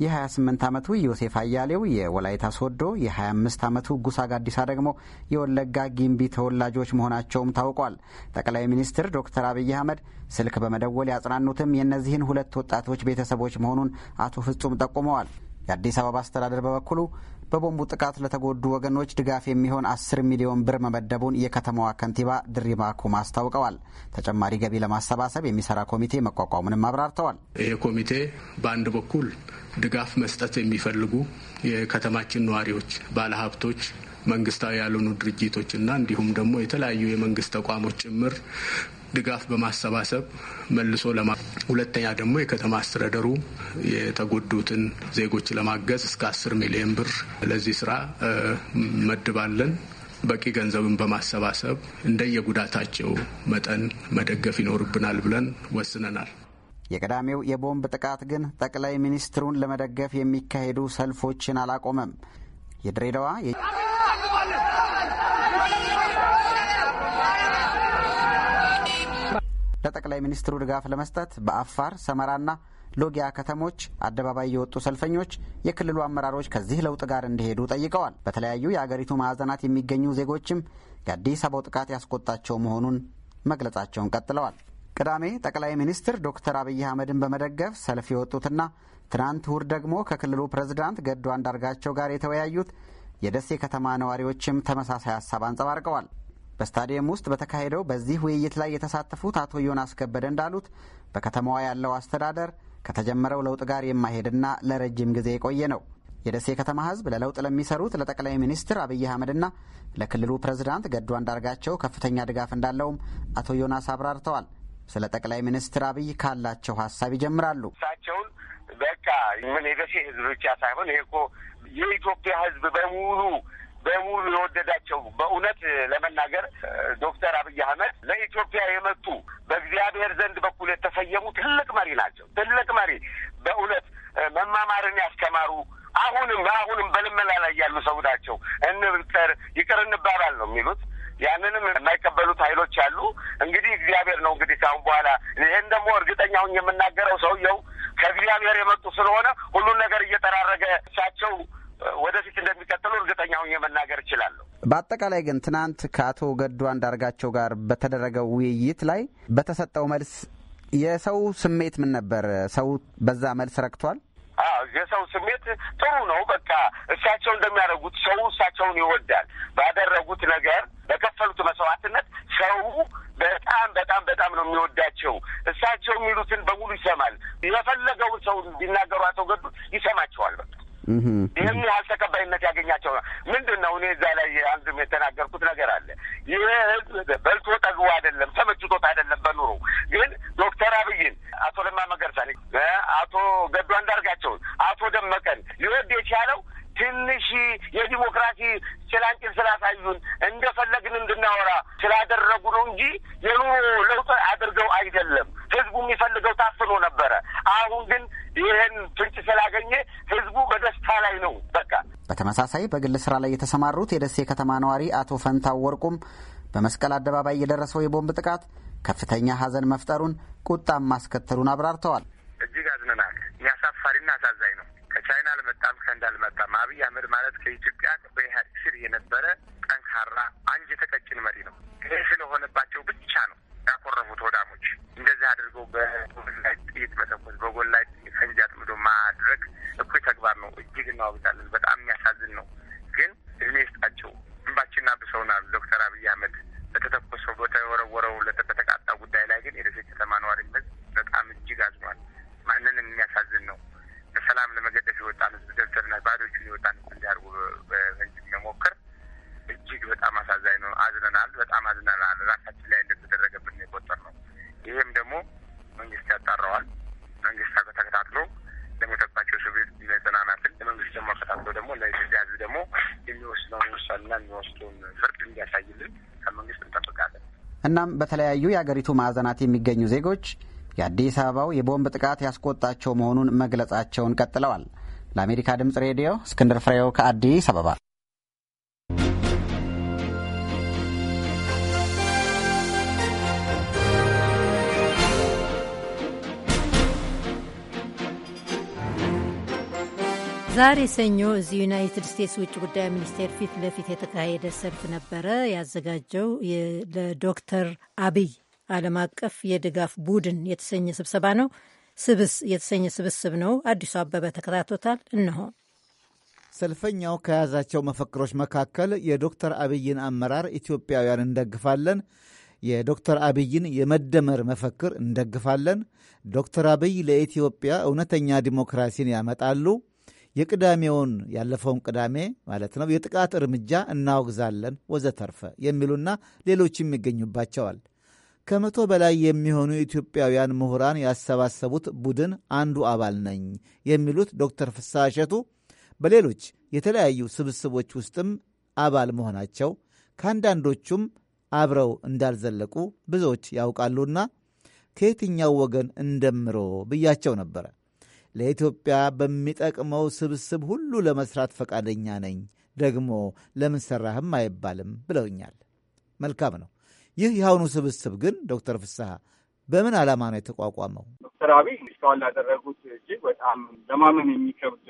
የ28 ዓመቱ ዮሴፍ አያሌው የወላይታ ሶዶ፣ የ25 ዓመቱ ጉሳ ጋዲሳ ደግሞ የወለጋ ጊምቢ ተወላጆች መሆናቸውም ታውቋል። ጠቅላይ ሚኒስትር ዶክተር አብይ አህመድ ስልክ በመደወል ያጽናኑትም የእነዚህን ሁለት ወጣቶች ቤተሰቦች መሆኑን አቶ ፍጹም ጠቁመዋል። የአዲስ አበባ አስተዳደር በበኩሉ በቦምቡ ጥቃት ለተጎዱ ወገኖች ድጋፍ የሚሆን አስር ሚሊዮን ብር መመደቡን የከተማዋ ከንቲባ ድሪባ ኩማ አስታውቀዋል። ተጨማሪ ገቢ ለማሰባሰብ የሚሰራ ኮሚቴ መቋቋሙንም አብራርተዋል። ይሄ ኮሚቴ በአንድ በኩል ድጋፍ መስጠት የሚፈልጉ የከተማችን ነዋሪዎች፣ ባለሀብቶች መንግስታዊ ያልሆኑ ድርጅቶች እና እንዲሁም ደግሞ የተለያዩ የመንግስት ተቋሞች ጭምር ድጋፍ በማሰባሰብ መልሶ ለማ ሁለተኛ ደግሞ የከተማ አስተዳደሩ የተጎዱትን ዜጎች ለማገዝ እስከ አስር ሚሊዮን ብር ለዚህ ስራ መድባለን። በቂ ገንዘብን በማሰባሰብ እንደየጉዳታቸው መጠን መደገፍ ይኖርብናል ብለን ወስነናል። የቅዳሜው የቦምብ ጥቃት ግን ጠቅላይ ሚኒስትሩን ለመደገፍ የሚካሄዱ ሰልፎችን አላቆመም። የድሬዳዋ ለጠቅላይ ሚኒስትሩ ድጋፍ ለመስጠት በአፋር ሰመራና ሎጊያ ከተሞች አደባባይ የወጡ ሰልፈኞች የክልሉ አመራሮች ከዚህ ለውጥ ጋር እንዲሄዱ ጠይቀዋል። በተለያዩ የአገሪቱ ማዕዘናት የሚገኙ ዜጎችም የአዲስ አበባው ጥቃት ያስቆጣቸው መሆኑን መግለጻቸውን ቀጥለዋል። ቅዳሜ ጠቅላይ ሚኒስትር ዶክተር አብይ አህመድን በመደገፍ ሰልፍ የወጡትና ትናንት እሁድ ደግሞ ከክልሉ ፕሬዝዳንት ገዱ አንዳርጋቸው ጋር የተወያዩት የደሴ ከተማ ነዋሪዎችም ተመሳሳይ ሀሳብ አንጸባርቀዋል። በስታዲየም ውስጥ በተካሄደው በዚህ ውይይት ላይ የተሳተፉት አቶ ዮናስ ከበደ እንዳሉት በከተማዋ ያለው አስተዳደር ከተጀመረው ለውጥ ጋር የማይሄድና ለረጅም ጊዜ የቆየ ነው። የደሴ ከተማ ሕዝብ ለለውጥ ለሚሰሩት ለጠቅላይ ሚኒስትር አብይ አህመድና ለክልሉ ፕሬዝዳንት ገዱ አንዳርጋቸው ከፍተኛ ድጋፍ እንዳለውም አቶ ዮናስ አብራርተዋል። ስለ ጠቅላይ ሚኒስትር አብይ ካላቸው ሀሳብ ይጀምራሉ። እሳቸውን በቃ ምን የደሴ ሕዝብ ብቻ ሳይሆን ይሄ እኮ የኢትዮጵያ ሕዝብ በሙሉ በሙሉ የወደዳቸው በእውነት ለመናገር ዶክተር አብይ አህመድ ለኢትዮጵያ የመጡ በእግዚአብሔር ዘንድ በኩል የተሰየሙ ትልቅ መሪ ናቸው። ትልቅ መሪ በእውነት መማማርን ያስተማሩ አሁንም አሁንም በልመላ ላይ ያሉ ሰው ናቸው። እንብጠር ይቅር እንባባል ነው የሚሉት። ያንንም የማይቀበሉት ኃይሎች አሉ። እንግዲህ እግዚአብሔር ነው እንግዲህ ካሁን በኋላ ይህን ደግሞ እርግጠኛውን የምናገረው ሰውየው ከእግዚአብሔር የመጡ ስለሆነ ሁሉን ነገር እየጠራረገ እሳቸው ወደፊት እንደሚቀጥሉ እርግጠኛ ሁኜ መናገር እችላለሁ። በአጠቃላይ ግን ትናንት ከአቶ ገዱ አንዳርጋቸው ጋር በተደረገው ውይይት ላይ በተሰጠው መልስ የሰው ስሜት ምን ነበር? ሰው በዛ መልስ ረክቷል? የሰው ስሜት ጥሩ ነው። በቃ እሳቸው እንደሚያደርጉት ሰው እሳቸውን ይወዳል። ባደረጉት ነገር በከፈሉት መስዋዕትነት ሰው በጣም በጣም በጣም ነው የሚወዳቸው። እሳቸው የሚሉትን በሙሉ ይሰማል። የፈለገውን ሰው ቢናገሩ አቶ ገዱ ይሰማቸዋል። በቃ ይህም ያህል ተቀባይነት ያገኛቸው ነው። ምንድን ነው እኔ እዛ ላይ አንድም የተናገርኩት ነገር አለ። ይህ ህዝብ በልቶ ጠግቦ አይደለም፣ ተመችቶት አይደለም። በኑሮ ግን ዶክተር አብይን፣ አቶ ለማ መገርሳን፣ አቶ ገዱ አንዳርጋቸውን፣ አቶ ደመቀን ሊወድ የቻለው ትንሽ የዲሞክራሲ ችላንጭል ስላሳዩን እንደፈለግን እንድናወራ ስላደረጉ ነው እንጂ የኑሮ ለውጥ አድርገው አይደለም። ህዝቡ የሚፈልገው ታፍኖ ነበረ። አሁን ግን ይህን ፍንጭ ስላገኘ ህዝቡ በደስታ ላይ ነው። በቃ በተመሳሳይ በግል ስራ ላይ የተሰማሩት የደሴ ከተማ ነዋሪ አቶ ፈንታው ወርቁም በመስቀል አደባባይ የደረሰው የቦምብ ጥቃት ከፍተኛ ሀዘን መፍጠሩን ቁጣም ማስከተሉን አብራርተዋል። እጅግ አዝነናል። አልመጣም ከእንዳል አልመጣም። አብይ አህመድ ማለት ከኢትዮጵያ በኢህአዴግ ስር የነበረ ጠንካራ አንጅ የተቀጭን መሪ ነው። ይህ ስለሆነባቸው ብቻ ነው ያኮረፉት ወዳሞች። እንደዚህ አድርገው በጎላይ ጥይት መተኮስ፣ በጎላይ ላይ ፈንጂ አጥምዶ ማድረግ እኩይ ተግባር ነው። እጅግ እናዋግዛለን። በጣም የሚያሳዝን ነው። ግን እድሜ ይስጣቸው፣ እንባችንን አብሰውናል። ዶክተር አብይ አህመድ በተተኮሰው በተወረወረው ለተተቃጣ ጉዳይ ላይ ግን የደሴ ከተማ ነዋሪነት በጣም እጅግ አዝኗል። ማንንም የሚያሳዝን ነው። ሰላም ለመገደፍ የወጣን ህዝብ ደብተርና ባዶ እጁን የወጣን ህዝብ እንዲያርጉ በንጅ መሞከር እጅግ በጣም አሳዛኝ ነው። አዝነናል፣ በጣም አዝነናል። ራሳችን ላይ እንደተደረገብን የቆጠር ነው። ይህም ደግሞ መንግስት ያጣራዋል። መንግስት ተከታትሎ ለሞተባቸው ሲቪል መጽናናትን ለመንግስት ደግሞ አከታትሎ ደግሞ ለኢትዮጵያ ህዝብ ደግሞ የሚወስነውን ውሳኔና የሚወስዱን ፍርድ እንዲያሳይልን ከመንግስት እንጠብቃለን። እናም በተለያዩ የአገሪቱ ማዕዘናት የሚገኙ ዜጎች የአዲስ አበባው የቦምብ ጥቃት ያስቆጣቸው መሆኑን መግለጻቸውን ቀጥለዋል። ለአሜሪካ ድምፅ ሬዲዮ እስክንድር ፍሬው ከአዲስ አበባ። ዛሬ ሰኞ እዚህ ዩናይትድ ስቴትስ ውጭ ጉዳይ ሚኒስቴር ፊት ለፊት የተካሄደ ሰልፍ ነበረ። ያዘጋጀው ለዶክተር አብይ ዓለም አቀፍ የድጋፍ ቡድን የተሰኘ ስብሰባ ነው ስብስ የተሰኘ ስብስብ ነው። አዲሱ አበበ ተከታቶታል። እነሆ ሰልፈኛው ከያዛቸው መፈክሮች መካከል የዶክተር አብይን አመራር ኢትዮጵያውያን እንደግፋለን፣ የዶክተር አብይን የመደመር መፈክር እንደግፋለን፣ ዶክተር አብይ ለኢትዮጵያ እውነተኛ ዲሞክራሲን ያመጣሉ፣ የቅዳሜውን ያለፈውን ቅዳሜ ማለት ነው የጥቃት እርምጃ እናወግዛለን፣ ወዘተርፈ የሚሉና ሌሎችም ይገኙባቸዋል። ከመቶ በላይ የሚሆኑ ኢትዮጵያውያን ምሁራን ያሰባሰቡት ቡድን አንዱ አባል ነኝ የሚሉት ዶክተር ፍስሐ እሸቱ በሌሎች የተለያዩ ስብስቦች ውስጥም አባል መሆናቸው ከአንዳንዶቹም አብረው እንዳልዘለቁ ብዙዎች ያውቃሉና ከየትኛው ወገን እንደምሮ ብያቸው ነበረ። ለኢትዮጵያ በሚጠቅመው ስብስብ ሁሉ ለመስራት ፈቃደኛ ነኝ፣ ደግሞ ለምን አይባልም ብለውኛል። መልካም ነው። ይህ የአሁኑ ስብስብ ግን ዶክተር ፍስሐ በምን ዓላማ ነው የተቋቋመው? ዶክተር አብይ እስካሁን ላደረጉት እጅግ በጣም ለማመን የሚከብድ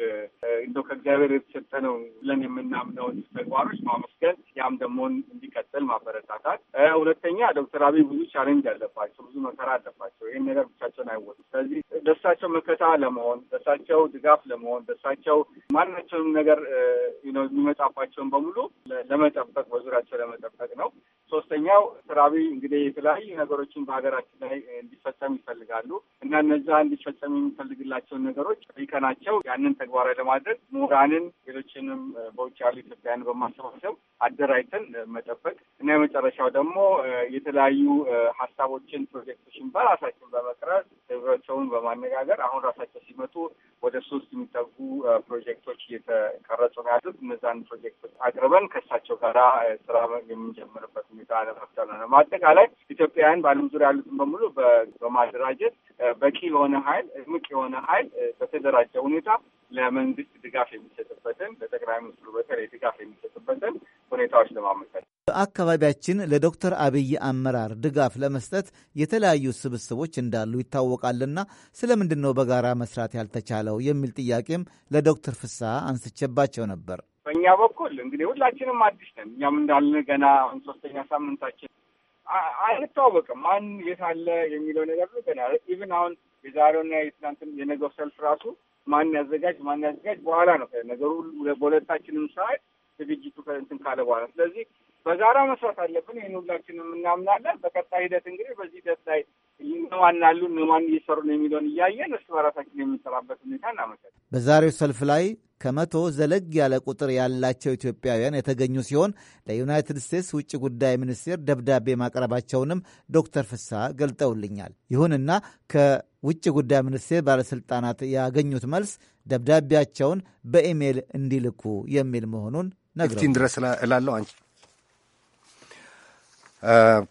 እንደው ከእግዚአብሔር የተሰጠ ነው ብለን የምናምነውን ተግባሮች ማመስገን፣ ያም ደግሞ እንዲቀጥል ማበረታታት። ሁለተኛ ዶክተር አብይ ብዙ ቻሌንጅ አለባቸው፣ ብዙ መከራ አለባቸው። ይህን ነገር ብቻቸውን አይወጡ። ስለዚህ ደሳቸው መከታ ለመሆን፣ ደሳቸው ድጋፍ ለመሆን፣ ደሳቸው ማናቸውንም ነገር የሚመጣባቸውን በሙሉ ለመጠበቅ፣ በዙሪያቸው ለመጠበቅ ነው። ሶስተኛው ስራዊ እንግዲህ የተለያዩ ነገሮችን በሀገራችን ላይ እንዲፈጸም ይፈልጋሉ እና እነዛ እንዲፈጸም የሚፈልግላቸውን ነገሮች ጠይቀናቸው ያንን ተግባራዊ ለማድረግ ምሁራንን፣ ሌሎችንም በውጭ ያሉ ኢትዮጵያን በማሰባሰብ አደራጅተን መጠበቅ እና የመጨረሻው ደግሞ የተለያዩ ሀሳቦችን፣ ፕሮጀክቶችን በራሳችን በመቅረጽ ህብረተሰቡን በማነጋገር አሁን ራሳቸው ሲመጡ ወደ ሶስት የሚጠጉ ፕሮጀክቶች እየተቀረጹ ነው ያሉት። እነዛን ፕሮጀክቶች አቅርበን ከእሳቸው ጋራ ስራ የምንጀምርበት ሁኔታ ለመፍጠር ነው። በአጠቃላይ ኢትዮጵያውያን በዓለም ዙሪያ ያሉትን በሙሉ በማደራጀት በቂ የሆነ ኃይል እምቅ የሆነ ኃይል በተደራጀ ሁኔታ ለመንግስት ድጋፍ የሚሰጥበትን ለጠቅላይ ሚኒስትሩ በተለይ ድጋፍ የሚሰጥበትን ሁኔታዎች ለማመቻቸት በአካባቢያችን ለዶክተር አብይ አመራር ድጋፍ ለመስጠት የተለያዩ ስብስቦች እንዳሉ ይታወቃልና ስለምንድን ነው በጋራ መስራት ያልተቻለው የሚል ጥያቄም ለዶክተር ፍስሐ አንስቼባቸው ነበር። በእኛ በኩል እንግዲህ ሁላችንም አዲስ ነን። እኛም እንዳልን ገና አሁን ሶስተኛ ሳምንታችን አንተዋወቅም። ማን የት አለ የሚለው ነገር ገና ኢቭን አሁን የዛሬውና የትናንትን የነገው ሰልፍ ራሱ ማን ያዘጋጅ ማን ያዘጋጅ በኋላ ነው ነገሩ በሁለታችንም ሰዓት ዝግጅቱ ከእንትን ካለ በኋላ ስለዚህ በጋራ መስራት አለብን። ይህን ሁላችንም እናምናለን። በቀጣይ ሂደት እንግዲህ በዚህ ሂደት ላይ እነማን አሉ እነማን እየሰሩ ነው የሚለውን እያየን እሱ በራሳችን የምንሰራበት ሁኔታ እናመቻለን። በዛሬው ሰልፍ ላይ ከመቶ ዘለግ ያለ ቁጥር ያላቸው ኢትዮጵያውያን የተገኙ ሲሆን ለዩናይትድ ስቴትስ ውጭ ጉዳይ ሚኒስቴር ደብዳቤ ማቅረባቸውንም ዶክተር ፍስሐ ገልጠውልኛል። ይሁንና ከውጭ ጉዳይ ሚኒስቴር ባለሥልጣናት ያገኙት መልስ ደብዳቤያቸውን በኢሜይል እንዲልኩ የሚል መሆኑን ነግረው ድረስ እላለሁ አንቺ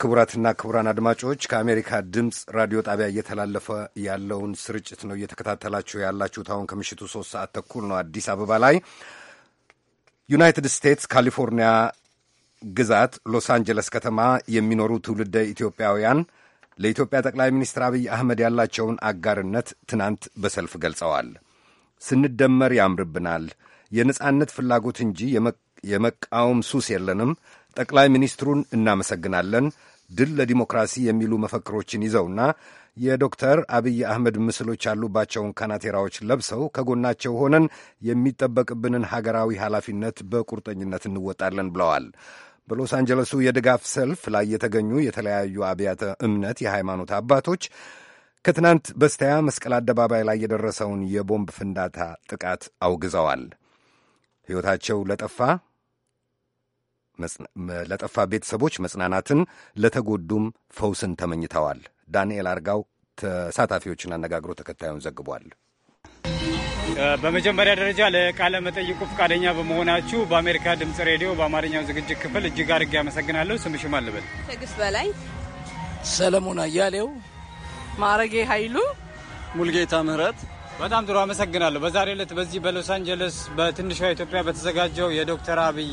ክቡራትና ክቡራን አድማጮች ከአሜሪካ ድምፅ ራዲዮ ጣቢያ እየተላለፈ ያለውን ስርጭት ነው እየተከታተላችሁ ያላችሁት። አሁን ከምሽቱ ሶስት ሰዓት ተኩል ነው አዲስ አበባ ላይ። ዩናይትድ ስቴትስ ካሊፎርኒያ ግዛት ሎስ አንጀለስ ከተማ የሚኖሩ ትውልደ ኢትዮጵያውያን ለኢትዮጵያ ጠቅላይ ሚኒስትር አብይ አህመድ ያላቸውን አጋርነት ትናንት በሰልፍ ገልጸዋል። ስንደመር ያምርብናል፣ የነጻነት ፍላጎት እንጂ የመቃወም ሱስ የለንም ጠቅላይ ሚኒስትሩን እናመሰግናለን። ድል ለዲሞክራሲ የሚሉ መፈክሮችን ይዘውና የዶክተር አብይ አህመድ ምስሎች ያሉባቸውን ካናቴራዎች ለብሰው ከጎናቸው ሆነን የሚጠበቅብንን ሀገራዊ ኃላፊነት በቁርጠኝነት እንወጣለን ብለዋል። በሎስ አንጀለሱ የድጋፍ ሰልፍ ላይ የተገኙ የተለያዩ አብያተ እምነት የሃይማኖት አባቶች ከትናንት በስቲያ መስቀል አደባባይ ላይ የደረሰውን የቦምብ ፍንዳታ ጥቃት አውግዘዋል። ሕይወታቸው ለጠፋ ለጠፋ ቤተሰቦች መጽናናትን፣ ለተጎዱም ፈውስን ተመኝተዋል። ዳንኤል አርጋው ተሳታፊዎችን አነጋግሮ ተከታዩን ዘግቧል። በመጀመሪያ ደረጃ ለቃለ መጠይቁ ፈቃደኛ በመሆናችሁ በአሜሪካ ድምጽ ሬዲዮ በአማርኛው ዝግጅት ክፍል እጅግ አድርጌ ያመሰግናለሁ ስምሽም ማን ልበል? ትዕግስት በላይ። ሰለሞን አያሌው። ማረጌ ኃይሉ። ሙልጌታ ምህረት በጣም ጥሩ አመሰግናለሁ። በዛሬ ዕለት በዚህ በሎስ አንጀለስ በትንሿ ኢትዮጵያ በተዘጋጀው የዶክተር አብይ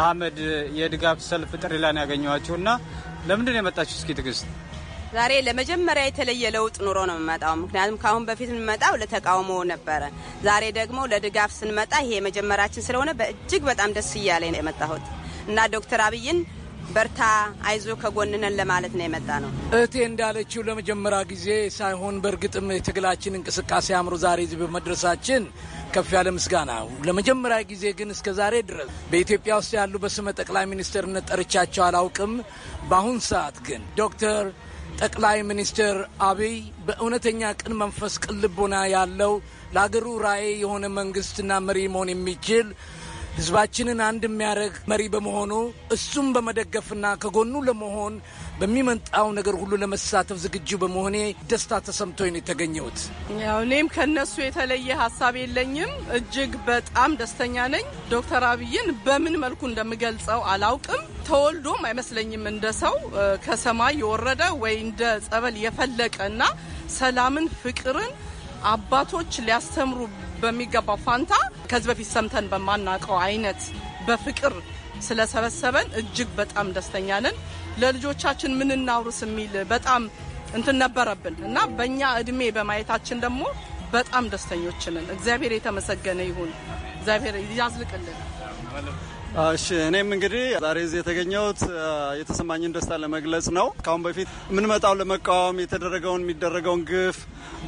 አህመድ የድጋፍ ሰልፍ ጥሪ ላይ ነው ያገኘኋችሁ እና ለምንድን ነው የመጣችሁ? እስኪ ትግስት ዛሬ ለመጀመሪያ የተለየ ለውጥ ኑሮ ነው የምመጣው። ምክንያቱም ከአሁን በፊት የምመጣው ለተቃውሞ ነበረ። ዛሬ ደግሞ ለድጋፍ ስንመጣ ይሄ መጀመሪያችን ስለሆነ በእጅግ በጣም ደስ እያለ ነው የመጣሁት እና ዶክተር አብይን በርታ፣ አይዞ ከጎንነን ለማለት ነው የመጣ ነው። እህቴ እንዳለችው ለመጀመሪያ ጊዜ ሳይሆን በእርግጥም የትግላችን እንቅስቃሴ አምሮ ዛሬ እዚህ በመድረሳችን ከፍ ያለ ምስጋና። ለመጀመሪያ ጊዜ ግን እስከ ዛሬ ድረስ በኢትዮጵያ ውስጥ ያሉ በስመ ጠቅላይ ሚኒስትርነት ጠርቻቸው አላውቅም። በአሁን ሰዓት ግን ዶክተር ጠቅላይ ሚኒስትር አብይ በእውነተኛ ቅን መንፈስ ቅልቦና ያለው ለአገሩ ራዕይ የሆነ መንግስትና መሪ መሆን የሚችል ህዝባችንን አንድ የሚያደርግ መሪ በመሆኑ እሱም በመደገፍና ከጎኑ ለመሆን በሚመጣው ነገር ሁሉ ለመሳተፍ ዝግጁ በመሆኔ ደስታ ተሰምቶኝ ነው የተገኘሁት። ያው እኔም ከነሱ የተለየ ሀሳብ የለኝም። እጅግ በጣም ደስተኛ ነኝ። ዶክተር አብይን በምን መልኩ እንደምገልጸው አላውቅም። ተወልዶም አይመስለኝም እንደ ሰው ከሰማይ የወረደ ወይ እንደ ጸበል የፈለቀ እና ሰላምን፣ ፍቅርን አባቶች ሊያስተምሩ በሚገባው ፋንታ ከዚህ በፊት ሰምተን በማናውቀው አይነት በፍቅር ስለሰበሰበን እጅግ በጣም ደስተኛ ነን። ለልጆቻችን ምን እናውርስ የሚል በጣም እንትን ነበረብን እና በእኛ እድሜ በማየታችን ደግሞ በጣም ደስተኞች ነን። እግዚአብሔር የተመሰገነ ይሁን። እግዚአብሔር ያዝልቅልን። እሺ እኔም እንግዲህ ዛሬ እዚህ የተገኘሁት የተሰማኝን ደስታ ለመግለጽ ነው። ካሁን በፊት የምንመጣው ለመቃወም የተደረገውን የሚደረገውን ግፍ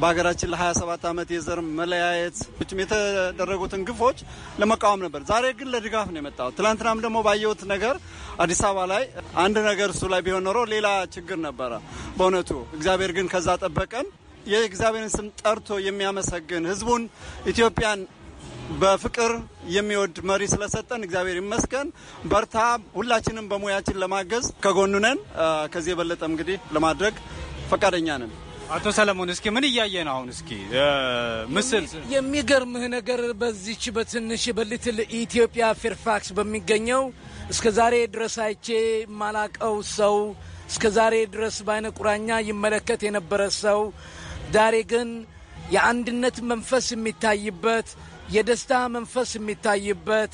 በሀገራችን ለ27 ዓመት የዘር መለያየት የተደረጉትን ግፎች ለመቃወም ነበር። ዛሬ ግን ለድጋፍ ነው የመጣው ትላንትናም ደግሞ ባየሁት ነገር አዲስ አበባ ላይ አንድ ነገር እሱ ላይ ቢሆን ኖሮ ሌላ ችግር ነበረ በእውነቱ። እግዚአብሔር ግን ከዛ ጠበቀን። የእግዚአብሔርን ስም ጠርቶ የሚያመሰግን ህዝቡን ኢትዮጵያን በፍቅር የሚወድ መሪ ስለሰጠን እግዚአብሔር ይመስገን። በርታ። ሁላችንም በሙያችን ለማገዝ ከጎኑ ነን። ከዚህ የበለጠ እንግዲህ ለማድረግ ፈቃደኛ ነን። አቶ ሰለሞን እስኪ ምን እያየ ነው አሁን? እስኪ ምስል የሚገርምህ ነገር በዚች በትንሽ በሊትል ኢትዮጵያ ፌርፋክስ በሚገኘው እስከ ዛሬ ድረስ አይቼ ማላቀው ሰው እስከ ዛሬ ድረስ በአይነ ቁራኛ ይመለከት የነበረ ሰው ዛሬ ግን የአንድነት መንፈስ የሚታይበት የደስታ መንፈስ የሚታይበት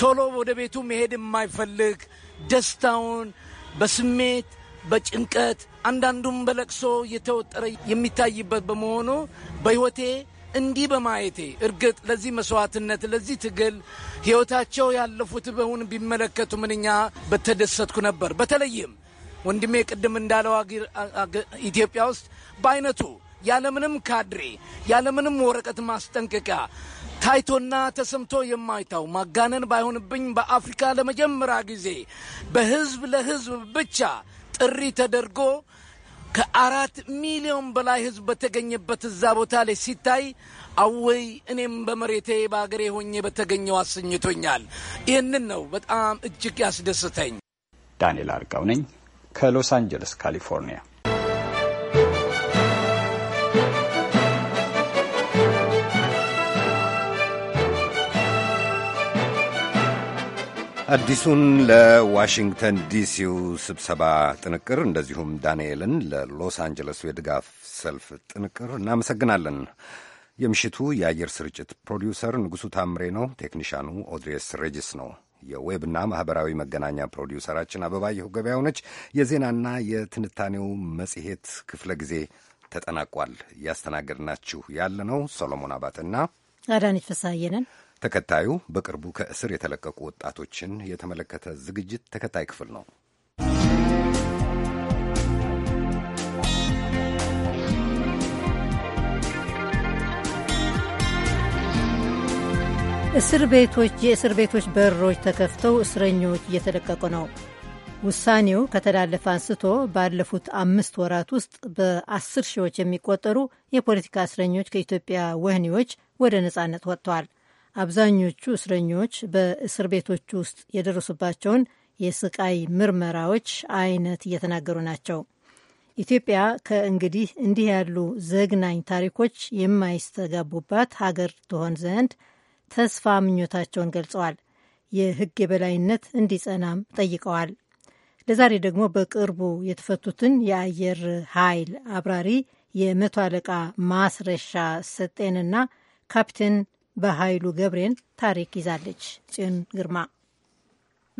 ቶሎ ወደ ቤቱ መሄድ የማይፈልግ ደስታውን በስሜት በጭንቀት አንዳንዱም በለቅሶ የተወጠረ የሚታይበት በመሆኑ በሕይወቴ እንዲህ በማየቴ እርግጥ ለዚህ መስዋዕትነት ለዚህ ትግል ሕይወታቸው ያለፉት በሁን ቢመለከቱ ምንኛ በተደሰትኩ ነበር። በተለይም ወንድሜ ቅድም እንዳለው ኢትዮጵያ ውስጥ በአይነቱ ያለምንም ካድሬ ያለምንም ወረቀት ማስጠንቀቂያ ታይቶና ተሰምቶ የማይታው ማጋነን ባይሆንብኝ በአፍሪካ ለመጀመሪያ ጊዜ በህዝብ ለህዝብ ብቻ ጥሪ ተደርጎ ከአራት ሚሊዮን በላይ ህዝብ በተገኘበት እዛ ቦታ ላይ ሲታይ አወይ እኔም በመሬቴ በአገሬ ሆኜ በተገኘው አሰኝቶኛል። ይህንን ነው በጣም እጅግ ያስደስተኝ። ዳንኤል አርጋው ነኝ ከሎስ አንጀለስ ካሊፎርኒያ። አዲሱን ለዋሽንግተን ዲሲው ስብሰባ ጥንቅር እንደዚሁም ዳንኤልን ለሎስ አንጀለሱ የድጋፍ ሰልፍ ጥንቅር እናመሰግናለን። የምሽቱ የአየር ስርጭት ፕሮዲውሰር ንጉሡ ታምሬ ነው። ቴክኒሻኑ ኦድሬስ ሬጅስ ነው። የዌብና ማኅበራዊ መገናኛ ፕሮዲውሰራችን አበባየሁ ገበያው ነች። የዜናና የትንታኔው መጽሔት ክፍለ ጊዜ ተጠናቋል። እያስተናገድናችሁ ያለ ነው ሰሎሞን አባተና አዳነች ፍስሐዬ ነን። ተከታዩ በቅርቡ ከእስር የተለቀቁ ወጣቶችን የተመለከተ ዝግጅት ተከታይ ክፍል ነው። እስር ቤቶች የእስር ቤቶች በሮች ተከፍተው እስረኞች እየተለቀቁ ነው። ውሳኔው ከተላለፈ አንስቶ ባለፉት አምስት ወራት ውስጥ በአስር ሺዎች የሚቆጠሩ የፖለቲካ እስረኞች ከኢትዮጵያ ወህኒዎች ወደ ነጻነት ወጥተዋል። አብዛኞቹ እስረኞች በእስር ቤቶች ውስጥ የደረሱባቸውን የስቃይ ምርመራዎች አይነት እየተናገሩ ናቸው። ኢትዮጵያ ከእንግዲህ እንዲህ ያሉ ዘግናኝ ታሪኮች የማይስተጋቡባት ሀገር ትሆን ዘንድ ተስፋ ምኞታቸውን ገልጸዋል። የሕግ የበላይነት እንዲጸናም ጠይቀዋል። ለዛሬ ደግሞ በቅርቡ የተፈቱትን የአየር ኃይል አብራሪ የመቶ አለቃ ማስረሻ ሰጤንና ካፕቴን በኃይሉ ገብሬን ታሪክ ይዛለች። ጽዮን ግርማ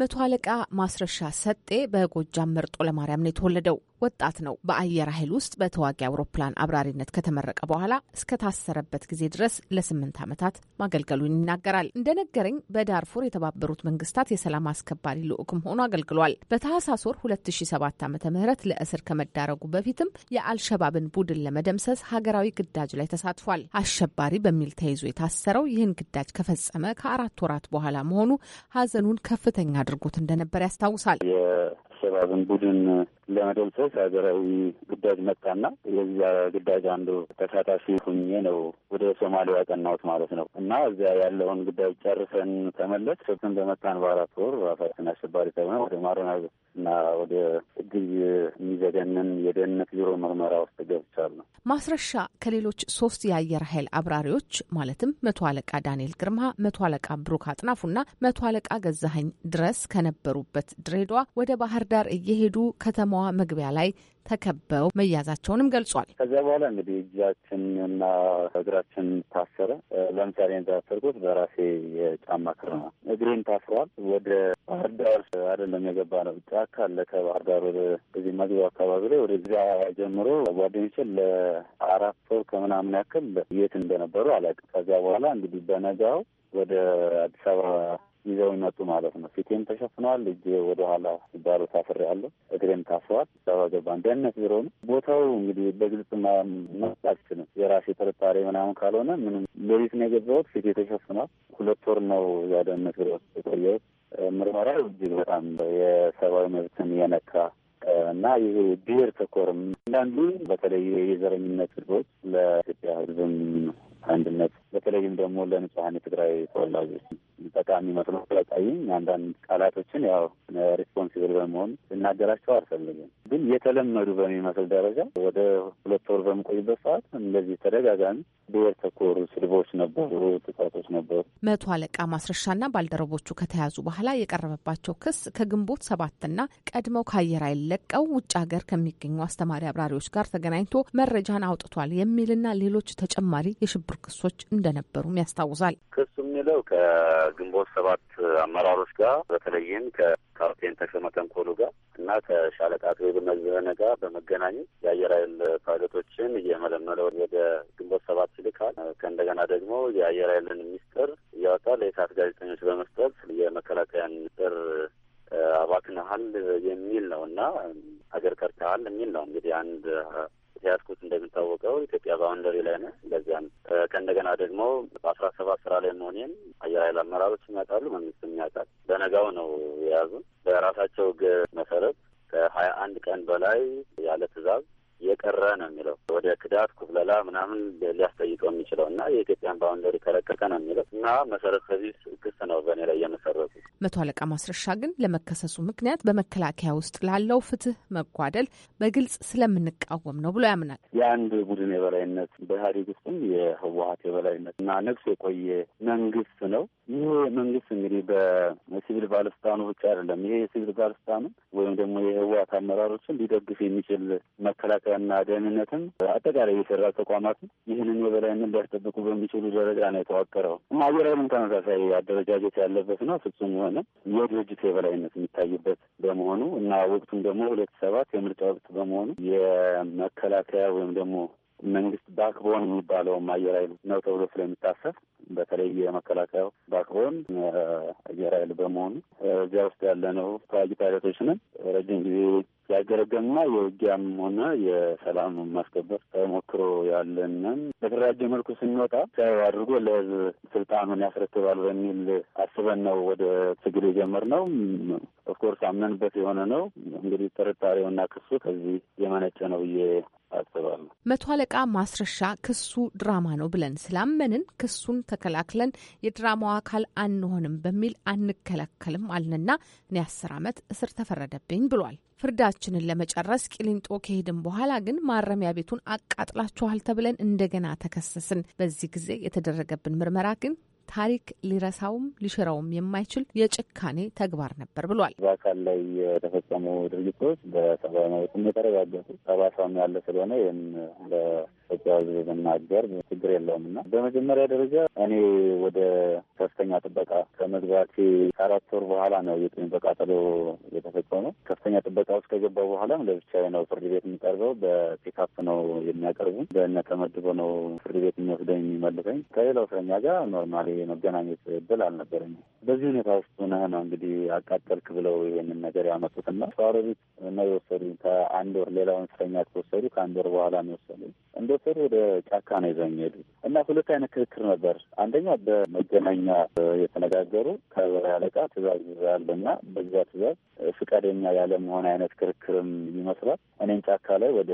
መቶ አለቃ ማስረሻ ሰጤ በጎጃም መርጦ ለማርያም ነው የተወለደው። ወጣት ነው። በአየር ኃይል ውስጥ በተዋጊ አውሮፕላን አብራሪነት ከተመረቀ በኋላ እስከታሰረበት ጊዜ ድረስ ለስምንት ዓመታት ማገልገሉን ይናገራል። እንደነገረኝ በዳርፉር የተባበሩት መንግስታት የሰላም አስከባሪ ልዑክም ሆኖ አገልግሏል። በታህሳስ ወር 2007 ዓ ም ለእስር ከመዳረጉ በፊትም የአልሸባብን ቡድን ለመደምሰስ ሀገራዊ ግዳጅ ላይ ተሳትፏል። አሸባሪ በሚል ተይዞ የታሰረው ይህን ግዳጅ ከፈጸመ ከአራት ወራት በኋላ መሆኑ ሀዘኑን ከፍተኛ አድርጎት እንደነበር ያስታውሳል። አልሸባብን ቡድን ለመደምሰስ ሀገራዊ ግዳጅ መጣና የዚያ ግዳጅ አንዱ ተሳታፊ ሁኜ ነው ወደ ሶማሊያ ያቀናሁት ማለት ነው። እና እዚያ ያለውን ግዳጅ ጨርሰን ተመለስ ስብትን በመጣን በአራት ወር ራሳችን አሸባሪ ተብለን ወደ ማረናገ እና ወደ እጅግ የሚዘገንን የደህንነት ቢሮ ምርመራ ውስጥ ገብቻለሁ። ማስረሻ ከሌሎች ሶስት የአየር ኃይል አብራሪዎች ማለትም መቶ አለቃ ዳንኤል ግርማ፣ መቶ አለቃ ብሩክ አጥናፉና መቶ አለቃ ገዛኸኝ ድረስ ከነበሩበት ድሬዷ ወደ ባህር ዳር እየሄዱ ከተማዋ መግቢያ ላይ ተከበው መያዛቸውንም ገልጿል። ከዚያ በኋላ እንግዲህ እጃችን እና እግራችን ታሰረ። ለምሳሌ የታሰርኩት በራሴ የጫማ ክር ነው። ታስሯል። ወደ ባህር ዳር አይደለም የገባ ነው፣ ጫካ አለ። ከባህር ዳር ወደ እዚህ መግቢያ አካባቢ ላይ ወደዚያ ጀምሮ ጓደኞችን ለአራት ሰው ከምናምን ያክል የት እንደነበሩ አላውቅም። ከዚያ በኋላ እንግዲህ በነጋው ወደ አዲስ አበባ ይዘው ይመጡ ማለት ነው። ፊቴም ተሸፍነዋል። እጄ ወደኋላ ሲባሉ ታፍሬ ያለሁ እግሬም ታፍሯል። ሰባ ገባ ደህንነት ቢሮ ነው ቦታው። እንግዲህ በግልጽ መጣች ነው የራሴ ጥርጣሬ ምናምን ካልሆነ ምንም ሌሊት ነው የገባሁት። ፊቴ ተሸፍኗል። ሁለት ወር ነው እዛ ደህንነት ቢሮ የቆየሁት። ምርመራው እጅግ በጣም የሰብአዊ መብትን የነካ እና ይሄ ብሔር ተኮርም አንዳንዱ በተለይ የዘረኝነት ህዝቦች ለኢትዮጵያ ህዝብም አንድነት በተለይም ደግሞ ለንጹሀን የትግራይ ተወላጆች ጠቃሚ መስሎ ስለታየኝ አንዳንድ ቃላቶችን ያው ሪስፖንሲብል በመሆን ልናገራቸው አልፈልግም። ግን የተለመዱ በሚመስል ደረጃ ወደ ሁለት ወር በምቆይበት ሰዓት እንደዚህ ተደጋጋሚ ብሔር ተኮር ስድቦች ነበሩ፣ ጥቃቶች ነበሩ። መቶ አለቃ ማስረሻና ባልደረቦቹ ከተያዙ በኋላ የቀረበባቸው ክስ ከግንቦት ሰባትና ቀድመው ከአየር አይለቀው ለቀው ውጭ ሀገር ከሚገኙ አስተማሪ አብራሪዎች ጋር ተገናኝቶ መረጃን አውጥቷል የሚልና ሌሎች ተጨማሪ የሽብር ክሶች እንደ እንደነበሩም ያስታውሳል። ክሱ የሚለው ከግንቦት ሰባት አመራሮች ጋር በተለይም ከካፕቴን ተሾመ ተንኮሉ ጋር እና ከሻለቃ አክሊሉ መዝበነ ጋር በመገናኘት የአየር ኃይል ፓይለቶችን እየመለመለ ወደ ግንቦት ሰባት ይልካል። ከእንደገና ደግሞ የአየር ኃይልን ሚስጥር እያወጣ ለኢሳት ጋዜጠኞች በመስጠት የመከላከያን ሚስጥር አባክነሃል የሚል ነው እና ሀገር ከርተሃል የሚል ነው እንግዲህ አንድ ያልኩት እንደሚታወቀው ኢትዮጵያ ባውንደሪ ላይ ነ ለዚያም ከእንደገና ደግሞ በአስራ ሰባት ስራ ላይ መሆኔን አየር ኃይል አመራሮች የሚያውቃሉ፣ መንግስትም ያውቃል። በነጋው ነው የያዙ በራሳቸው ግ መሰረት ከሀያ አንድ ቀን በላይ ያለ ትእዛዝ የቀረ ነው የሚለው ወደ ክዳት ኩፍለላ ምናምን ሊያስጠይቀው የሚችለው እና የኢትዮጵያን ባውንደሪ ከለቀቀ ነው የሚለው እና መሰረት ከዚህ ክስ ነው በእኔ ላይ የመሰረቱ መቶ አለቃ ማስረሻ ግን ለመከሰሱ ምክንያት በመከላከያ ውስጥ ላለው ፍትህ መጓደል በግልጽ ስለምንቃወም ነው ብሎ ያምናል። የአንድ ቡድን የበላይነት በኢህአዴግ ውስጥም የህወሀት የበላይነት እና ነግሶ የቆየ መንግስት ነው። ይህ መንግስት እንግዲህ በሲቪል ባለስልጣኑ ብቻ አይደለም። ይሄ የሲቪል ባለስልጣኑ ወይም ደግሞ የህወሀት አመራሮችን ሊደግፍ የሚችል መከላከያና ደህንነትም አጠቃላይ የሰራ ተቋማትም ይህንን የበላይነት ሊያስጠብቁ በሚችሉ ደረጃ ነው የተዋቀረው እና ተመሳሳይ አደረጃጀት ያለበት ነው ፍጹም ስለሆነ የድርጅት የበላይነት የሚታይበት በመሆኑ እና ወቅቱም ደግሞ ሁለት ሰባት የምርጫ ወቅት በመሆኑ የመከላከያ ወይም ደግሞ መንግስት ባክቦን የሚባለውም አየር ኃይል ነው ተብሎ ስለሚታሰብ በተለይ የመከላከያው ባክቦን አየር ኃይል በመሆኑ እዚያ ውስጥ ያለነው ተዋጊ ፓይለቶች ነን። ረጅም ጊዜ ያገረገና የውጊያም ሆነ የሰላም ማስከበር ተሞክሮ ያለንን በተደራጀ መልኩ ስንወጣ ሲያዩ አድርጎ ለህዝብ ስልጣኑን ያስረክባል በሚል አስበን ነው ወደ ትግል የጀመርነው። ኦፍኮርስ አምነንበት የሆነ ነው። እንግዲህ ጥርጣሬውና ክሱ ከዚህ የመነጨ ነው ብዬ አስባለሁ። መቶ አለቃ ማስረሻ ክሱ ድራማ ነው ብለን ስላመንን ክሱን ተከላክለን የድራማው አካል አንሆንም በሚል አንከላከልም አልንና እኔ አስር ዓመት እስር ተፈረደብኝ ብሏል። ፍርዳችንን ለመጨረስ ቂሊንጦ ከሄድን በኋላ ግን ማረሚያ ቤቱን አቃጥላችኋል ተብለን እንደገና ተከሰስን። በዚህ ጊዜ የተደረገብን ምርመራ ግን ታሪክ ሊረሳውም ሊሽረውም የማይችል የጭካኔ ተግባር ነበር ብሏል። በአካል ላይ የተፈጸሙ ድርጊቶች በሰብአዊ መብትም የተረጋገጡ ጠባሳም ያለ ስለሆነ ይህም ለኢትዮጵያ ሕዝብ ብናገር ችግር የለውም እና በመጀመሪያ ደረጃ እኔ ወደ ከፍተኛ ጥበቃ ከመግባቴ ከአራት ወር በኋላ ነው የጤን በቃጠሎ የተፈጸመው። ከፍተኛ ጥበቃ ውስጥ ከገባው በኋላም ለብቻዬ ነው ፍርድ ቤት የሚቀርበው። በፒካፕ ነው የሚያቀርቡ። በእነ ተመድቦ ነው ፍርድ ቤት የሚወስደኝ የሚመልሰኝ። ከሌላው እስረኛ ጋር ኖርማሊ መገናኘት እድል አልነበረኝም። በዚህ ሁኔታ ውስጥ ሆነህ ነው እንግዲህ አቃጠልክ ብለው ይሄንን ነገር ያመጡትና ሸዋሮቢት ነው የወሰዱ ከአንድ ወር ሌላውን እስረኛ ከወሰዱ ከአንድ ወር በኋላ ነው የወሰዱ። እንደወሰዱ ወደ ጫካ ነው ይዘኝ እና ሁለት አይነት ክርክር ነበር። አንደኛ በመገናኛ የተነጋገሩ ከበላይ አለቃ ትእዛዝ አለና በዛ ትእዛዝ ፍቃደኛ ያለ መሆን አይነት ክርክርም ይመስላል። እኔም ጫካ ላይ ወደ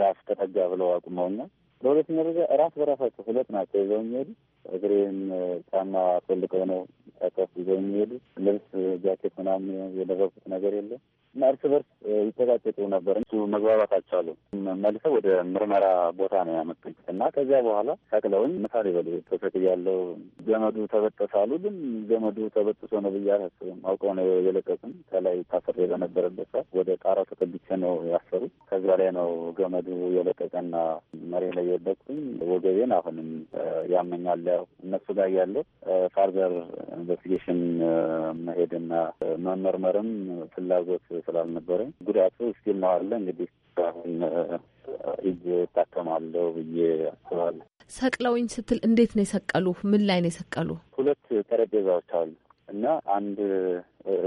ዛፍ ተጠጋ ብለው አቁመውኛል። በሁለተኛ ደረጃ ራስ በራሳቸው ሁለት ናቸው ይዘው የሚሄዱ እግሬን ጫማ ፈልገው ነው ሳካፍ ይዘው የሚሄዱ ልብስ፣ ጃኬት ምናምን የደረጉት ነገር የለም እና እርስ በርስ ይተጋጨጡ ነበር። እሱ መግባባት አልቻሉ። መልሰው ወደ ምርመራ ቦታ ነው ያመጡኝ እና ከዚያ በኋላ ሰቅለውኝ ምሳሌ በሉ ተሰቅ ያለው ገመዱ ተበጠሳሉ። ግን ገመዱ ተበጥሶ ነው ብዬ አላስብም። አውቀው ነው የለቀቁም። ከላይ ታፈር በነበረበት ሰዓት ወደ ጣራው ተጠግቼ ነው ያሰሩ። ከዚያ ላይ ነው ገመዱ የለቀቀና መሬ ላይ የወደቅኩኝ። ወገቤን አሁንም ያመኛል። ያው እነሱ ጋር ያለው ፋርዘር ኢንቨስቲጌሽን መሄድና መመርመርም ፍላጎት ስላልነበረኝ ጉዳቱ ስቲል ነው አለ እንግዲህ አሁን ብዬ አስባለሁ። ሰቅለውኝ ስትል እንዴት ነው የሰቀሉ? ምን ላይ ነው የሰቀሉ? ሁለት ጠረጴዛዎች አሉ። እና አንድ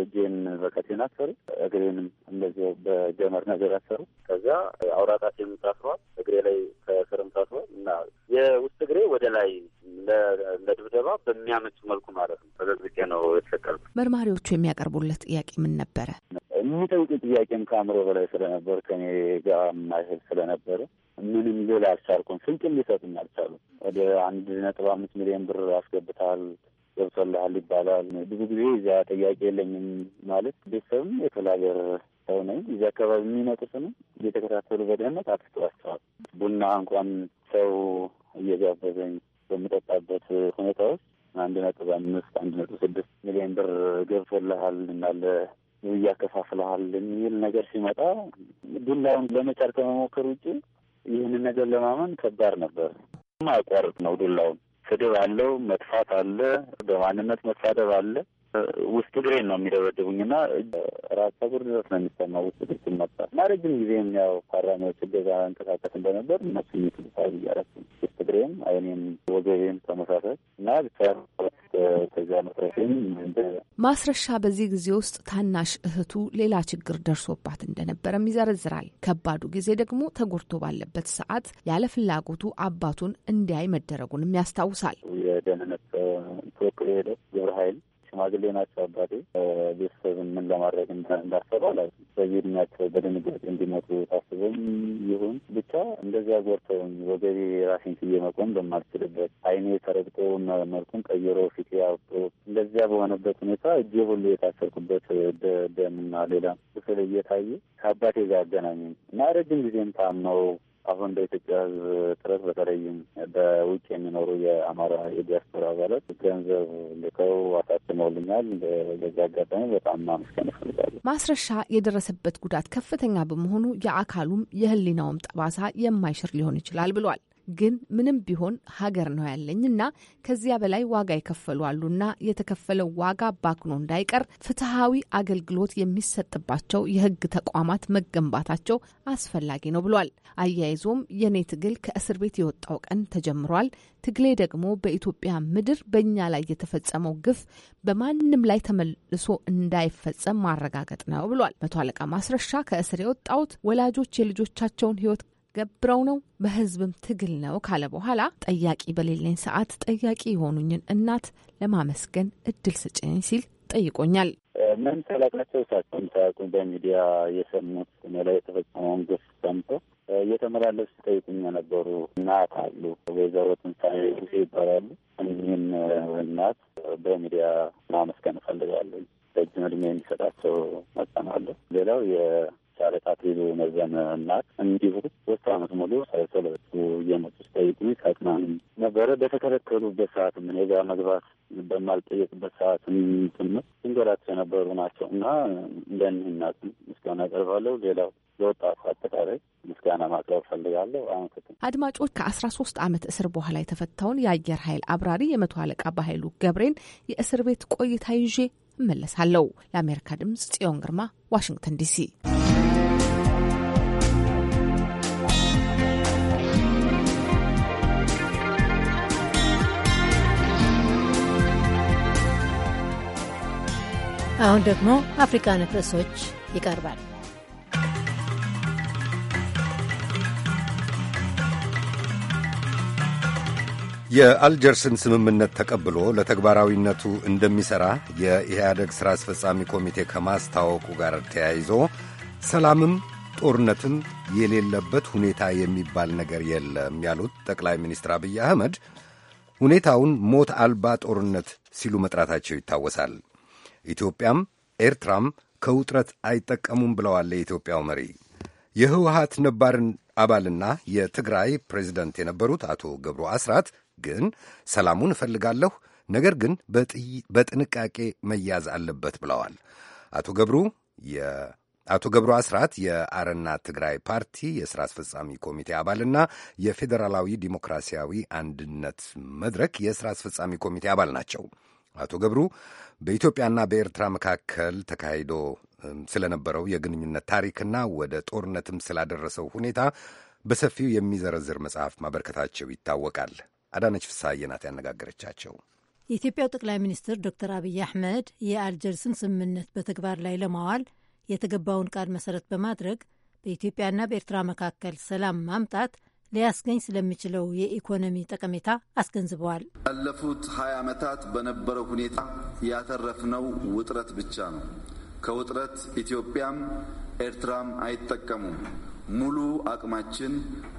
እጄን በቀቴን አሰሩ፣ እግሬንም እንደዚህ በጀመር ነገር አሰሩ። ከዛ አውራጣቴም ታስሯል፣ እግሬ ላይ ከስርም ታስሯል እና የውስጥ እግሬ ወደ ላይ ለድብደባ በሚያመች መልኩ ማለት ነው ተዘግዝቄ ነው የተሰቀልኩት። መርማሪዎቹ የሚያቀርቡለት ጥያቄ ምን ነበረ? የሚጠይቁኝ ጥያቄም ከአእምሮ በላይ ስለነበር ከኔ ጋር የማይሄድ ስለነበረ ምንም ሌላ አልቻልኩም። ስንቅ ሊሰጡኝ አልቻሉም። ወደ አንድ ነጥብ አምስት ሚሊዮን ብር አስገብተሃል ገብቶልሃል ይባላል። ብዙ ጊዜ እዚያ ጥያቄ የለኝም ማለት ቤተሰብም የተላገር ሰው ነኝ። እዚህ አካባቢ የሚመጡትንም እየተከታተሉ በደህንነት አትተዋቸዋል። ቡና እንኳን ሰው እየጋበዘኝ በምጠጣበት ሁኔታዎች አንድ ነጥብ አምስት አንድ ነጥብ ስድስት ሚሊዮን ብር ገብቶልሃል እናለ እያከፋፍለሃል የሚል ነገር ሲመጣ ዱላውን ለመቻል ከመሞከር ውጭ ይህንን ነገር ለማመን ከባድ ነበር። ማያቋርጥ ነው ዱላውን ስድብ አለው፣ መጥፋት አለ፣ በማንነት መሳደብ አለ። ውስጥ እግሬን ነው የሚደበድቡኝ እና ራስ ፀጉር ድረስ ነው የሚሰማ ውስጥ እግር ሲመጣ እና ረጅም ጊዜም ያው ታራሚዎች እገዛ እንቀሳቀስ እንደነበር እነሱ የሚስልሳል እያረሱ ውስጥ እግሬም አይኔም ወገቤም ተመሳሳይ እና ብቻ ከዚያ መስረሽም ማስረሻ በዚህ ጊዜ ውስጥ ታናሽ እህቱ ሌላ ችግር ደርሶባት እንደነበረም ይዘረዝራል። ከባዱ ጊዜ ደግሞ ተጎድቶ ባለበት ሰዓት ያለ ፍላጎቱ አባቱን እንዲያይ መደረጉንም ያስታውሳል። የደህንነት ተወክሎ ሄደ ግብረ ኃይል ሽማግሌ ናቸው። አባቴ ቤተሰብ ምን ለማድረግ እንዳሰበ አላ በዚህ እድሜያቸው በድንጋጤ እንዲሞቱ ታስቦም ይሁን ብቻ እንደዚያ ጎርተውኝ ወገቤ ራሴን ስዬ መቆም በማልችልበት አይኔ ተረግጦ መልኩን ቀይሮ ፊቴ አብጦ እንደዚያ በሆነበት ሁኔታ እጅ ሁሉ የታሰርኩበት ደምና ሌላ ክፍል እየታየ ከአባቴ ጋር አገናኙኝ እና ረጅም ጊዜም ታመው አሁን በኢትዮጵያ ሕዝብ ጥረት በተለይም በውጭ የሚኖሩ የአማራ የዲያስፖራ አባላት ገንዘብ ልከው አሳትመውልኛል። በዚህ አጋጣሚ በጣም ማመስገን እፈልጋለሁ። ማስረሻ የደረሰበት ጉዳት ከፍተኛ በመሆኑ የአካሉም የሕሊናውም ጠባሳ የማይሽር ሊሆን ይችላል ብሏል። ግን ምንም ቢሆን ሀገር ነው ያለኝና ከዚያ በላይ ዋጋ የከፈሉ አሉና የተከፈለው ዋጋ ባክኖ እንዳይቀር ፍትሐዊ አገልግሎት የሚሰጥባቸው የህግ ተቋማት መገንባታቸው አስፈላጊ ነው ብሏል። አያይዞም የኔ ትግል ከእስር ቤት የወጣው ቀን ተጀምሯል። ትግሌ ደግሞ በኢትዮጵያ ምድር በእኛ ላይ የተፈጸመው ግፍ በማንም ላይ ተመልሶ እንዳይፈጸም ማረጋገጥ ነው ብሏል። መቶ አለቃ ማስረሻ ከእስር የወጣሁት ወላጆች የልጆቻቸውን ህይወት ገብረው ነው በህዝብም ትግል ነው ካለ በኋላ ጠያቂ በሌለኝ ሰዓት ጠያቂ የሆኑኝን እናት ለማመስገን እድል ስጭኝ ሲል ጠይቆኛል። ምን ሳላውቃቸው እሳቸውም ሳያውቁ በሚዲያ የሰሙት እኔ ላይ የተፈጸመውን ግፍ ሰምቶ እየተመላለሱ ጠይቁኝ የነበሩ እናት አሉ። ወይዘሮ ትንሳኤ ይባላሉ። እኒህን እናት በሚዲያ ማመስገን እፈልጋለሁ። ረጅም እድሜ የሚሰጣቸው መጠናለሁ። ሌላው ሳለት አክሊሉ መዘነ እናት እንዲሁ ሶስት አመት ሙሉ ሳይሰለቱ እየመጡ ሲጠይቁ ይጠቅማንም ነበረ። በተከለከሉበት ሰዓት ምን ጋር መግባት በማልጠየቅበት ሰዓት ስምት ሲንገላቸው የነበሩ ናቸው እና እንደኒህ እናትም ምስጋና አቀርባለሁ። ሌላው ለወጣቱ አጠቃላይ ምስጋና ማቅረብ ፈልጋለሁ። አመሰግን አድማጮች ከአስራ ሶስት አመት እስር በኋላ የተፈታውን የአየር ኃይል አብራሪ የመቶ አለቃ በኃይሉ ገብሬን የእስር ቤት ቆይታ ይዤ እመለሳለሁ። ለአሜሪካ ድምጽ ጽዮን ግርማ ዋሽንግተን ዲሲ። አሁን ደግሞ አፍሪካ ነክ ርዕሶች ይቀርባል። የአልጀርስን ስምምነት ተቀብሎ ለተግባራዊነቱ እንደሚሠራ የኢህአደግ ሥራ አስፈጻሚ ኮሚቴ ከማስታወቁ ጋር ተያይዞ ሰላምም ጦርነትም የሌለበት ሁኔታ የሚባል ነገር የለም ያሉት ጠቅላይ ሚኒስትር አብይ አህመድ ሁኔታውን ሞት አልባ ጦርነት ሲሉ መጥራታቸው ይታወሳል። ኢትዮጵያም ኤርትራም ከውጥረት አይጠቀሙም ብለዋል የኢትዮጵያው መሪ። የህወሀት ነባርን አባልና የትግራይ ፕሬዚደንት የነበሩት አቶ ገብሩ አስራት ግን ሰላሙን እፈልጋለሁ፣ ነገር ግን በጥንቃቄ መያዝ አለበት ብለዋል። አቶ ገብሩ አቶ ገብሩ አስራት የአረና ትግራይ ፓርቲ የሥራ አስፈጻሚ ኮሚቴ አባልና የፌዴራላዊ ዲሞክራሲያዊ አንድነት መድረክ የሥራ አስፈጻሚ ኮሚቴ አባል ናቸው። አቶ ገብሩ በኢትዮጵያና በኤርትራ መካከል ተካሂዶ ስለነበረው የግንኙነት ታሪክና ወደ ጦርነትም ስላደረሰው ሁኔታ በሰፊው የሚዘረዝር መጽሐፍ ማበርከታቸው ይታወቃል። አዳነች ፍስሐዬ ናት ያነጋገረቻቸው። የኢትዮጵያው ጠቅላይ ሚኒስትር ዶክተር አብይ አህመድ የአልጀርስን ስምምነት በተግባር ላይ ለማዋል የተገባውን ቃል መሰረት በማድረግ በኢትዮጵያና በኤርትራ መካከል ሰላም ማምጣት ሊያስገኝ ስለሚችለው የኢኮኖሚ ጠቀሜታ አስገንዝበዋል። ያለፉት ሀያ ዓመታት በነበረው ሁኔታ ያተረፍነው ውጥረት ብቻ ነው። ከውጥረት ኢትዮጵያም ኤርትራም አይጠቀሙም። ሙሉ አቅማችን፣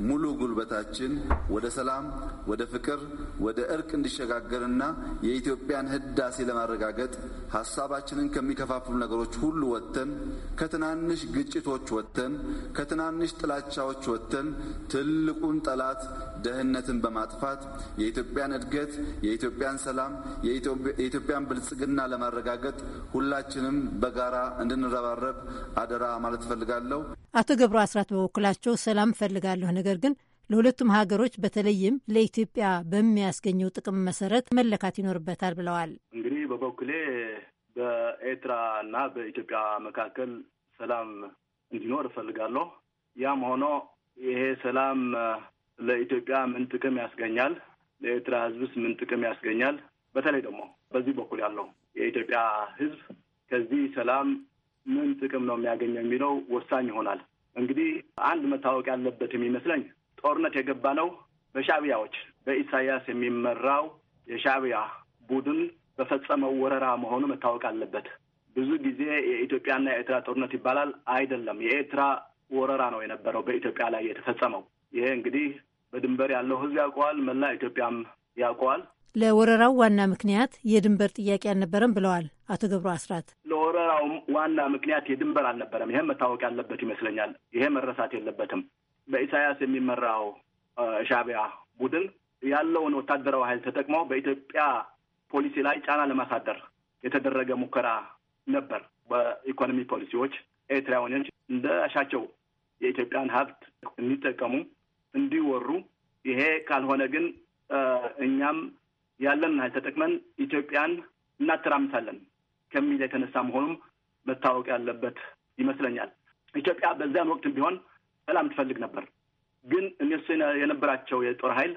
ሙሉ ጉልበታችን ወደ ሰላም፣ ወደ ፍቅር፣ ወደ እርቅ እንዲሸጋገርና የኢትዮጵያን ህዳሴ ለማረጋገጥ ሀሳባችንን ከሚከፋፍሉ ነገሮች ሁሉ ወጥተን ከትናንሽ ግጭቶች ወጥተን ከትናንሽ ጥላቻዎች ወጥተን ትልቁን ጠላት ደህንነትን በማጥፋት የኢትዮጵያን እድገት፣ የኢትዮጵያን ሰላም፣ የኢትዮጵያን ብልጽግና ለማረጋገጥ ሁላችንም በጋራ እንድንረባረብ አደራ ማለት እፈልጋለሁ። አቶ ገብሩ አስራት በበኩላቸው ሰላም እፈልጋለሁ፣ ነገር ግን ለሁለቱም ሀገሮች በተለይም ለኢትዮጵያ በሚያስገኘው ጥቅም መሰረት መለካት ይኖርበታል ብለዋል። እንግዲህ በበኩሌ በኤርትራ እና በኢትዮጵያ መካከል ሰላም እንዲኖር እፈልጋለሁ። ያም ሆኖ ይሄ ሰላም ለኢትዮጵያ ምን ጥቅም ያስገኛል? ለኤርትራ ሕዝብስ ምን ጥቅም ያስገኛል? በተለይ ደግሞ በዚህ በኩል ያለው የኢትዮጵያ ሕዝብ ከዚህ ሰላም ምን ጥቅም ነው የሚያገኘው የሚለው ወሳኝ ይሆናል። እንግዲህ አንድ መታወቅ ያለበት የሚመስለኝ ጦርነት የገባ ነው በሻቢያዎች በኢሳያስ የሚመራው የሻቢያ ቡድን በፈጸመው ወረራ መሆኑ መታወቅ አለበት። ብዙ ጊዜ የኢትዮጵያና የኤርትራ ጦርነት ይባላል። አይደለም፣ የኤርትራ ወረራ ነው የነበረው በኢትዮጵያ ላይ የተፈጸመው። ይሄ እንግዲህ በድንበር ያለው ሕዝብ ያውቀዋል፣ መላ ኢትዮጵያም ያውቀዋል። ለወረራው ዋና ምክንያት የድንበር ጥያቄ አልነበረም ብለዋል አቶ ገብሩ አስራት። ለወረራው ዋና ምክንያት የድንበር አልነበረም። ይሄም መታወቅ ያለበት ይመስለኛል። ይሄ መረሳት የለበትም። በኢሳያስ የሚመራው ሻቢያ ቡድን ያለውን ወታደራዊ ኃይል ተጠቅሞ በኢትዮጵያ ፖሊሲ ላይ ጫና ለማሳደር የተደረገ ሙከራ ነበር። በኢኮኖሚ ፖሊሲዎች ኤርትራውያኖች እንደሻቸው የኢትዮጵያን ሀብት እንዲጠቀሙ እንዲወሩ፣ ይሄ ካልሆነ ግን እኛም ያለን ኃይል ተጠቅመን ኢትዮጵያን እናተራምሳለን ከሚል የተነሳ መሆኑም መታወቅ ያለበት ይመስለኛል። ኢትዮጵያ በዚያን ወቅትም ቢሆን ሰላም ትፈልግ ነበር። ግን እነሱ የነበራቸው የጦር ኃይል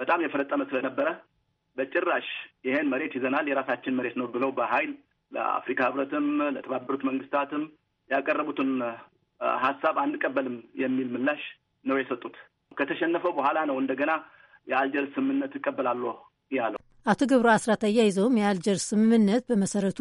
በጣም የፈረጠመ ስለነበረ በጭራሽ ይሄን መሬት ይዘናል፣ የራሳችን መሬት ነው ብለው በኃይል ለአፍሪካ ህብረትም ለተባበሩት መንግስታትም ያቀረቡትን ሀሳብ አንቀበልም የሚል ምላሽ ነው የሰጡት። ከተሸነፈው በኋላ ነው እንደገና የአልጀርስ ስምምነት እቀበላለሁ ያለው። አቶ ገብሩ አስራት አያይዘውም የአልጀር ስምምነት በመሰረቱ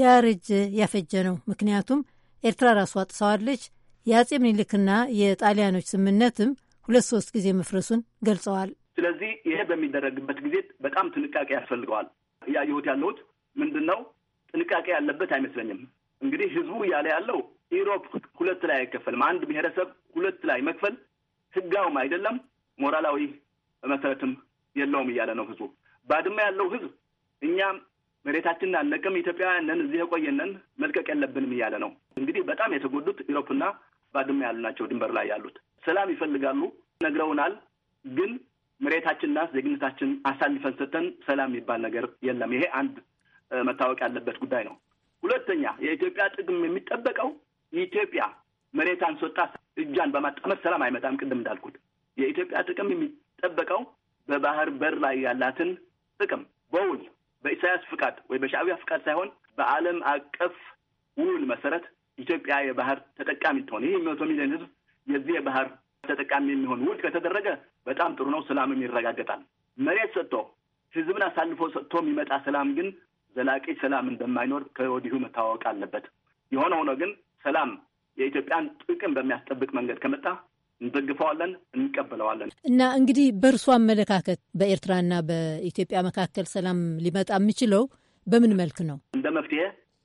ያረጀ ያፈጀ ነው። ምክንያቱም ኤርትራ ራሷ ጥሰዋለች። የአጼ ምኒልክና የጣሊያኖች ስምምነትም ሁለት ሶስት ጊዜ መፍረሱን ገልጸዋል። ስለዚህ ይሄ በሚደረግበት ጊዜ በጣም ጥንቃቄ ያስፈልገዋል። እያየሁት ያለሁት ምንድን ነው ጥንቃቄ ያለበት አይመስለኝም። እንግዲህ ህዝቡ እያለ ያለው ኢሮፕ ሁለት ላይ አይከፈልም። አንድ ብሔረሰብ ሁለት ላይ መክፈል ህጋውም አይደለም ሞራላዊ መሰረትም የለውም እያለ ነው ህዝቡ። ባድመ ያለው ህዝብ እኛ መሬታችንን አለቅም ኢትዮጵያውያንን እዚህ የቆየነን መልቀቅ የለብንም እያለ ነው። እንግዲህ በጣም የተጎዱት ኢሮፕና ባድመ ያሉ ናቸው። ድንበር ላይ ያሉት ሰላም ይፈልጋሉ፣ ነግረውናል። ግን መሬታችንና ዜግነታችን አሳልፈን ሰጥተን ሰላም የሚባል ነገር የለም። ይሄ አንድ መታወቅ ያለበት ጉዳይ ነው። ሁለተኛ የኢትዮጵያ ጥቅም የሚጠበቀው የኢትዮጵያ መሬት አንስወጣ እጇን በማጣመር ሰላም አይመጣም። ቅድም እንዳልኩት የኢትዮጵያ ጥቅም የሚጠበቀው በባህር በር ላይ ያላትን ጥቅም በውል በኢሳያስ ፍቃድ ወይም በሻዕቢያ ፍቃድ ሳይሆን በዓለም አቀፍ ውል መሰረት ኢትዮጵያ የባህር ተጠቃሚ ትሆን። ይህ መቶ ሚሊዮን ህዝብ የዚህ የባህር ተጠቃሚ የሚሆን ውል ከተደረገ በጣም ጥሩ ነው። ሰላምም ይረጋገጣል። መሬት ሰጥቶ ህዝብን አሳልፎ ሰጥቶ የሚመጣ ሰላም ግን ዘላቂ ሰላም እንደማይኖር ከወዲሁ መታወቅ አለበት። የሆነ ሆኖ ግን ሰላም የኢትዮጵያን ጥቅም በሚያስጠብቅ መንገድ ከመጣ እንደግፈዋለን፣ እንቀበለዋለን። እና እንግዲህ በእርሷ አመለካከት በኤርትራና በኢትዮጵያ መካከል ሰላም ሊመጣ የሚችለው በምን መልክ ነው? እንደ መፍትሄ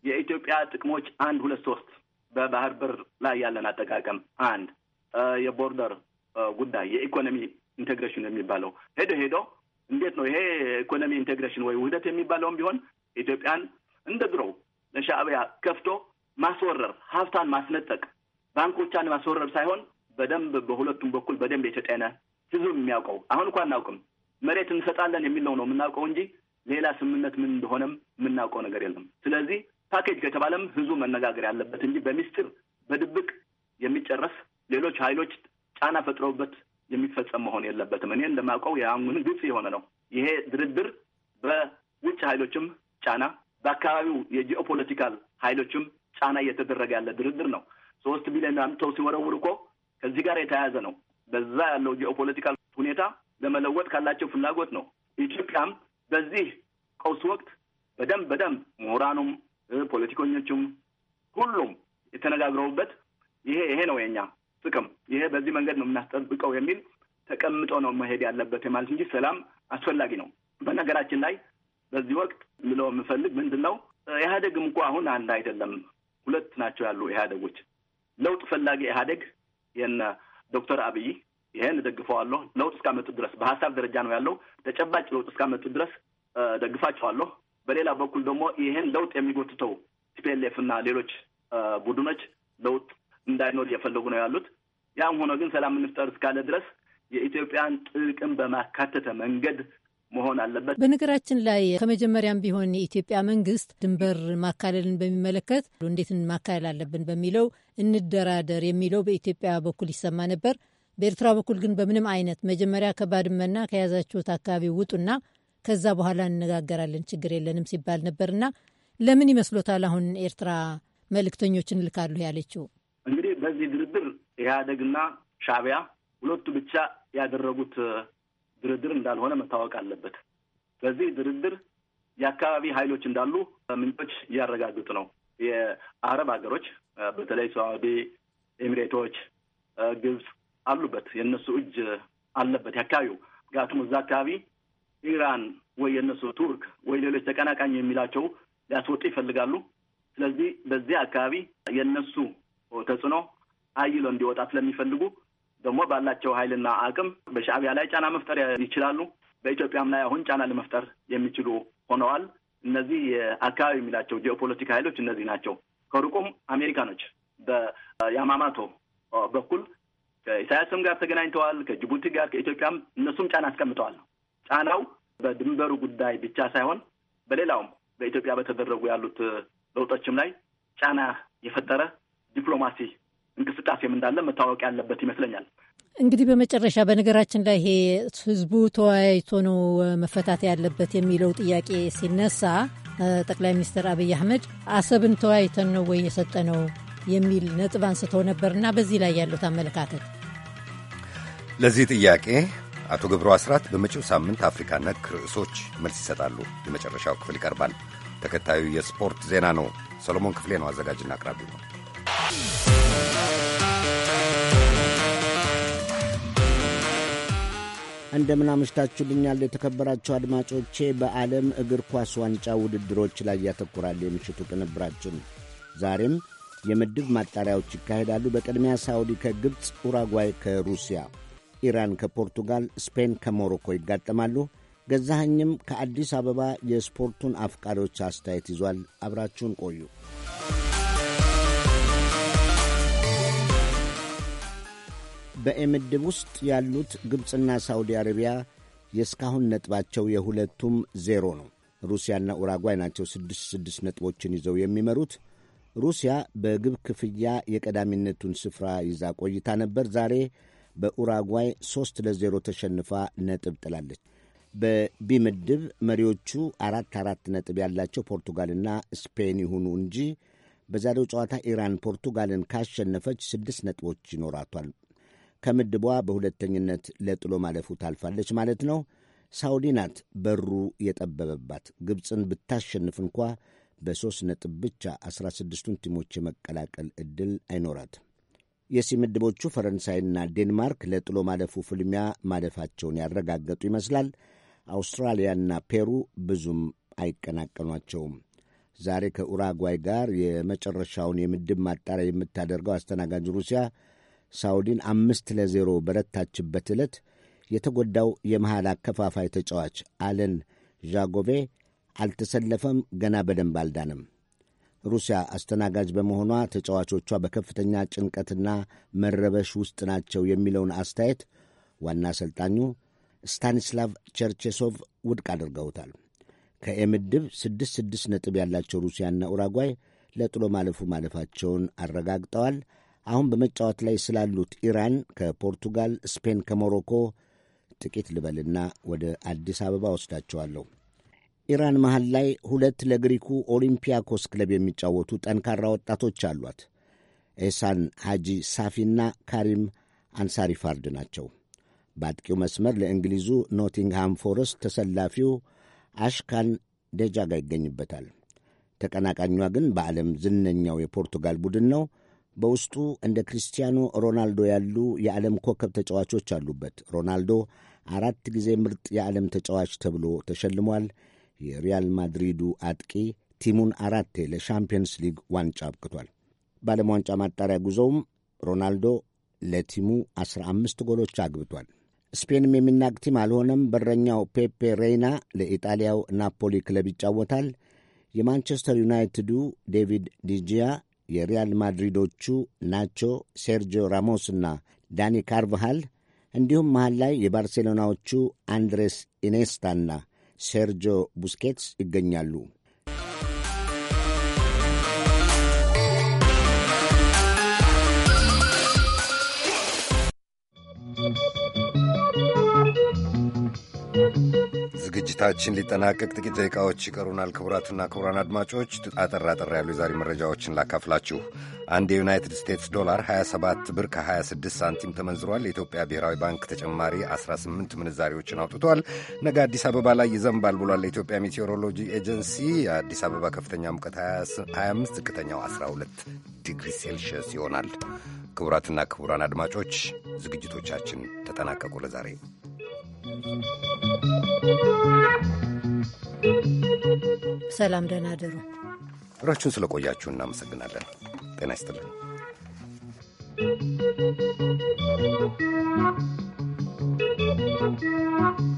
የኢትዮጵያ ጥቅሞች አንድ ሁለት ሶስት በባህር በር ላይ ያለን አጠቃቀም አንድ የቦርደር ጉዳይ የኢኮኖሚ ኢንቴግሬሽን የሚባለው ሄዶ ሄዶ እንዴት ነው ይሄ ኢኮኖሚ ኢንቴግሬሽን ወይ ውህደት የሚባለውም ቢሆን ኢትዮጵያን እንደ ድሮው ለሻዕቢያ ከፍቶ ማስወረር፣ ሀብታን ማስነጠቅ፣ ባንኮቿን ማስወረር ሳይሆን በደንብ በሁለቱም በኩል በደንብ የተጤነ ህዝብ የሚያውቀው አሁን እኳ አናውቅም። መሬት እንሰጣለን የሚለው ነው የምናውቀው እንጂ ሌላ ስምምነት ምን እንደሆነም የምናውቀው ነገር የለም። ስለዚህ ፓኬጅ ከተባለም ህዝቡ መነጋገር ያለበት እንጂ በሚስጢር በድብቅ የሚጨረስ ሌሎች ኃይሎች ጫና ፈጥረውበት የሚፈጸም መሆን የለበትም። እኔ እንደማውቀው የአሁን ግልጽ የሆነ ነው። ይሄ ድርድር በውጭ ኃይሎችም ጫና፣ በአካባቢው የጂኦፖለቲካል ኃይሎችም ጫና እየተደረገ ያለ ድርድር ነው። ሶስት ቢሊዮን አምጥተው ሲወረውር እኮ ከዚህ ጋር የተያያዘ ነው። በዛ ያለው ጂኦፖለቲካል ሁኔታ ለመለወጥ ካላቸው ፍላጎት ነው። ኢትዮጵያም በዚህ ቀውስ ወቅት በደንብ በደንብ ምሁራኑም ፖለቲከኞቹም ሁሉም የተነጋግረውበት ይሄ ይሄ ነው የኛ ጥቅም፣ ይሄ በዚህ መንገድ ነው የምናስጠብቀው የሚል ተቀምጦ ነው መሄድ ያለበት ማለት እንጂ ሰላም አስፈላጊ ነው። በነገራችን ላይ በዚህ ወቅት ልለው የምፈልግ ምንድን ነው ኢህአዴግም እኮ አሁን አንድ አይደለም፣ ሁለት ናቸው ያሉ ኢህአዴጎች። ለውጥ ፈላጊ ኢህአዴግ የነ ዶክተር አብይ ይሄን እደግፈዋለሁ። ለውጥ እስካመጡ ድረስ በሀሳብ ደረጃ ነው ያለው። ተጨባጭ ለውጥ እስካመጡ ድረስ ደግፋቸዋለሁ። በሌላ በኩል ደግሞ ይሄን ለውጥ የሚጎትተው ቲፒኤልኤፍ እና ሌሎች ቡድኖች ለውጥ እንዳይኖር እየፈለጉ ነው ያሉት። ያም ሆኖ ግን ሰላም እንፍጠር እስካለ ድረስ የኢትዮጵያን ጥቅም በማካተተ መንገድ መሆን አለበት። በነገራችን ላይ ከመጀመሪያም ቢሆን የኢትዮጵያ መንግስት ድንበር ማካለልን በሚመለከት እንዴት ማካለል አለብን በሚለው እንደራደር የሚለው በኢትዮጵያ በኩል ይሰማ ነበር። በኤርትራ በኩል ግን በምንም አይነት መጀመሪያ ከባድመና ከያዛችሁት አካባቢ ውጡና ከዛ በኋላ እንነጋገራለን፣ ችግር የለንም ሲባል ነበርና ለምን ይመስሎታል አሁን ኤርትራ መልእክተኞችን እልካለሁ ያለችው? እንግዲህ በዚህ ድርድር ኢህአደግና ሻቢያ ሁለቱ ብቻ ያደረጉት ድርድር እንዳልሆነ መታወቅ አለበት። በዚህ ድርድር የአካባቢ ኃይሎች እንዳሉ ምንጮች እያረጋግጡ ነው። የአረብ ሀገሮች በተለይ ሳዑዲ፣ ኤሚሬቶች፣ ግብፅ አሉበት። የእነሱ እጅ አለበት የአካባቢው። ምክንያቱም እዛ አካባቢ ኢራን ወይ የእነሱ ቱርክ ወይ ሌሎች ተቀናቃኝ የሚላቸው ሊያስወጡ ይፈልጋሉ። ስለዚህ በዚህ አካባቢ የእነሱ ተጽዕኖ አይሎ እንዲወጣ ስለሚፈልጉ ደግሞ ባላቸው ኃይልና አቅም በሻዕቢያ ላይ ጫና መፍጠር ይችላሉ። በኢትዮጵያም ላይ አሁን ጫና ለመፍጠር የሚችሉ ሆነዋል። እነዚህ የአካባቢ የሚላቸው ጂኦፖለቲካ ኃይሎች እነዚህ ናቸው። ከሩቁም አሜሪካኖች በያማማቶ በኩል ከኢሳያስም ጋር ተገናኝተዋል። ከጅቡቲ ጋር ከኢትዮጵያም እነሱም ጫና አስቀምጠዋል። ጫናው በድንበሩ ጉዳይ ብቻ ሳይሆን በሌላውም በኢትዮጵያ በተደረጉ ያሉት ለውጦችም ላይ ጫና የፈጠረ ዲፕሎማሲ እንቅስቃሴም እንዳለ መታወቅ ያለበት ይመስለኛል። እንግዲህ በመጨረሻ በነገራችን ላይ ይሄ ህዝቡ ተወያይቶ ነው መፈታት ያለበት የሚለው ጥያቄ ሲነሳ ጠቅላይ ሚኒስትር አብይ አህመድ አሰብን ተወያይተን ነው ወይ ነው የሚል ነጥብ አንስተው ነበርና በዚህ ላይ ያሉት አመለካከት ለዚህ ጥያቄ አቶ ገብሩ አስራት በመጪው ሳምንት አፍሪካ ነክ ርዕሶች መልስ ይሰጣሉ። የመጨረሻው ክፍል ይቀርባል። ተከታዩ የስፖርት ዜና ነው። ሰሎሞን ክፍሌ ነው አዘጋጅና አቅራቢ ነው። እንደምን አምሽታችሁልኛል የተከበራችሁ አድማጮቼ። በዓለም እግር ኳስ ዋንጫ ውድድሮች ላይ ያተኩራል የምሽቱ ቅንብራችን። ዛሬም የምድብ ማጣሪያዎች ይካሄዳሉ። በቅድሚያ ሳውዲ ከግብፅ፣ ኡራጓይ ከሩሲያ፣ ኢራን ከፖርቱጋል፣ ስፔን ከሞሮኮ ይጋጠማሉ። ገዛኸኝም ከአዲስ አበባ የስፖርቱን አፍቃሪዎች አስተያየት ይዟል። አብራችሁን ቆዩ። በኤምድብ ውስጥ ያሉት ግብፅና ሳውዲ አረቢያ የእስካሁን ነጥባቸው የሁለቱም ዜሮ ነው። ሩሲያና ኡራጓይ ናቸው ስድስት ስድስት ነጥቦችን ይዘው የሚመሩት። ሩሲያ በግብ ክፍያ የቀዳሚነቱን ስፍራ ይዛ ቆይታ ነበር። ዛሬ በኡራጓይ ሦስት ለዜሮ ተሸንፋ ነጥብ ጥላለች። በቢ ምድብ መሪዎቹ አራት አራት ነጥብ ያላቸው ፖርቱጋልና ስፔን ይሁኑ እንጂ በዛሬው ጨዋታ ኢራን ፖርቱጋልን ካሸነፈች ስድስት ነጥቦች ይኖራቷል። ከምድቧ በሁለተኝነት ለጥሎ ማለፉ ታልፋለች ማለት ነው። ሳውዲ ናት በሩ የጠበበባት። ግብፅን ብታሸንፍ እንኳ በሦስት ነጥብ ብቻ 16 ስድስቱን ቲሞች የመቀላቀል ዕድል አይኖራት የሲ ምድቦቹ ፈረንሳይና ዴንማርክ ለጥሎ ማለፉ ፍልሚያ ማለፋቸውን ያረጋገጡ ይመስላል። አውስትራሊያና ፔሩ ብዙም አይቀናቀኗቸውም። ዛሬ ከኡራጓይ ጋር የመጨረሻውን የምድብ ማጣሪያ የምታደርገው አስተናጋጅ ሩሲያ ሳውዲን አምስት ለዜሮ በረታችበት ዕለት የተጎዳው የመሃል አከፋፋይ ተጫዋች አለን ዣጎቬ አልተሰለፈም። ገና በደንብ አልዳንም። ሩሲያ አስተናጋጅ በመሆኗ ተጫዋቾቿ በከፍተኛ ጭንቀትና መረበሽ ውስጥ ናቸው የሚለውን አስተያየት ዋና አሰልጣኙ ስታኒስላቭ ቸርቼሶቭ ውድቅ አድርገውታል። ከኤምድብ ስድስት ስድስት ነጥብ ያላቸው ሩሲያና ኡራጓይ ለጥሎ ማለፉ ማለፋቸውን አረጋግጠዋል። አሁን በመጫወት ላይ ስላሉት ኢራን ከፖርቱጋል፣ ስፔን፣ ከሞሮኮ ጥቂት ልበልና ወደ አዲስ አበባ ወስዳቸዋለሁ። ኢራን መሃል ላይ ሁለት ለግሪኩ ኦሊምፒያኮስ ክለብ የሚጫወቱ ጠንካራ ወጣቶች አሏት። ኤሳን ሐጂ ሳፊና ካሪም አንሳሪ ፋርድ ናቸው። በአጥቂው መስመር ለእንግሊዙ ኖቲንግሃም ፎረስት ተሰላፊው አሽካን ደጃጋ ይገኝበታል። ተቀናቃኟ ግን በዓለም ዝነኛው የፖርቱጋል ቡድን ነው። በውስጡ እንደ ክሪስቲያኖ ሮናልዶ ያሉ የዓለም ኮከብ ተጫዋቾች አሉበት። ሮናልዶ አራት ጊዜ ምርጥ የዓለም ተጫዋች ተብሎ ተሸልሟል። የሪያል ማድሪዱ አጥቂ ቲሙን አራቴ ለሻምፒየንስ ሊግ ዋንጫ አብቅቷል። በዓለም ዋንጫ ማጣሪያ ጉዞውም ሮናልዶ ለቲሙ አምስት ጎሎች አግብቷል። ስፔንም የሚናቅ ቲም አልሆነም። በረኛው ፔፔ ሬይና ለኢጣሊያው ናፖሊ ክለብ ይጫወታል። የማንቸስተር ዩናይትዱ ዴቪድ ዲጂያ የሪያል ማድሪዶቹ ናቾ፣ ሴርጂዮ ራሞስና ዳኒ ካርቫሃል እንዲሁም መሃል ላይ የባርሴሎናዎቹ አንድሬስ ኢኔስታና ሴርጂዮ ቡስኬትስ ይገኛሉ። ዝግጅታችን ሊጠናቀቅ ጥቂት ደቂቃዎች ይቀሩናል። ክቡራትና ክቡራን አድማጮች አጠር አጠር ያሉ የዛሬ መረጃዎችን ላካፍላችሁ። አንድ የዩናይትድ ስቴትስ ዶላር 27 ብር ከ26 ሳንቲም ተመንዝሯል። የኢትዮጵያ ብሔራዊ ባንክ ተጨማሪ 18 ምንዛሬዎችን አውጥቷል። ነገ አዲስ አበባ ላይ ይዘንባል ብሏል የኢትዮጵያ ሜቴዎሮሎጂ ኤጀንሲ። የአዲስ አበባ ከፍተኛ ሙቀት 25፣ ዝቅተኛው 12 ዲግሪ ሴልሽየስ ይሆናል። ክቡራትና ክቡራን አድማጮች ዝግጅቶቻችን ተጠናቀቁ ለዛሬ። ሰላም፣ ደህና አደሩ። አብራችሁን ስለቆያችሁ እናመሰግናለን። ጤና ይስጥልን። Thank you.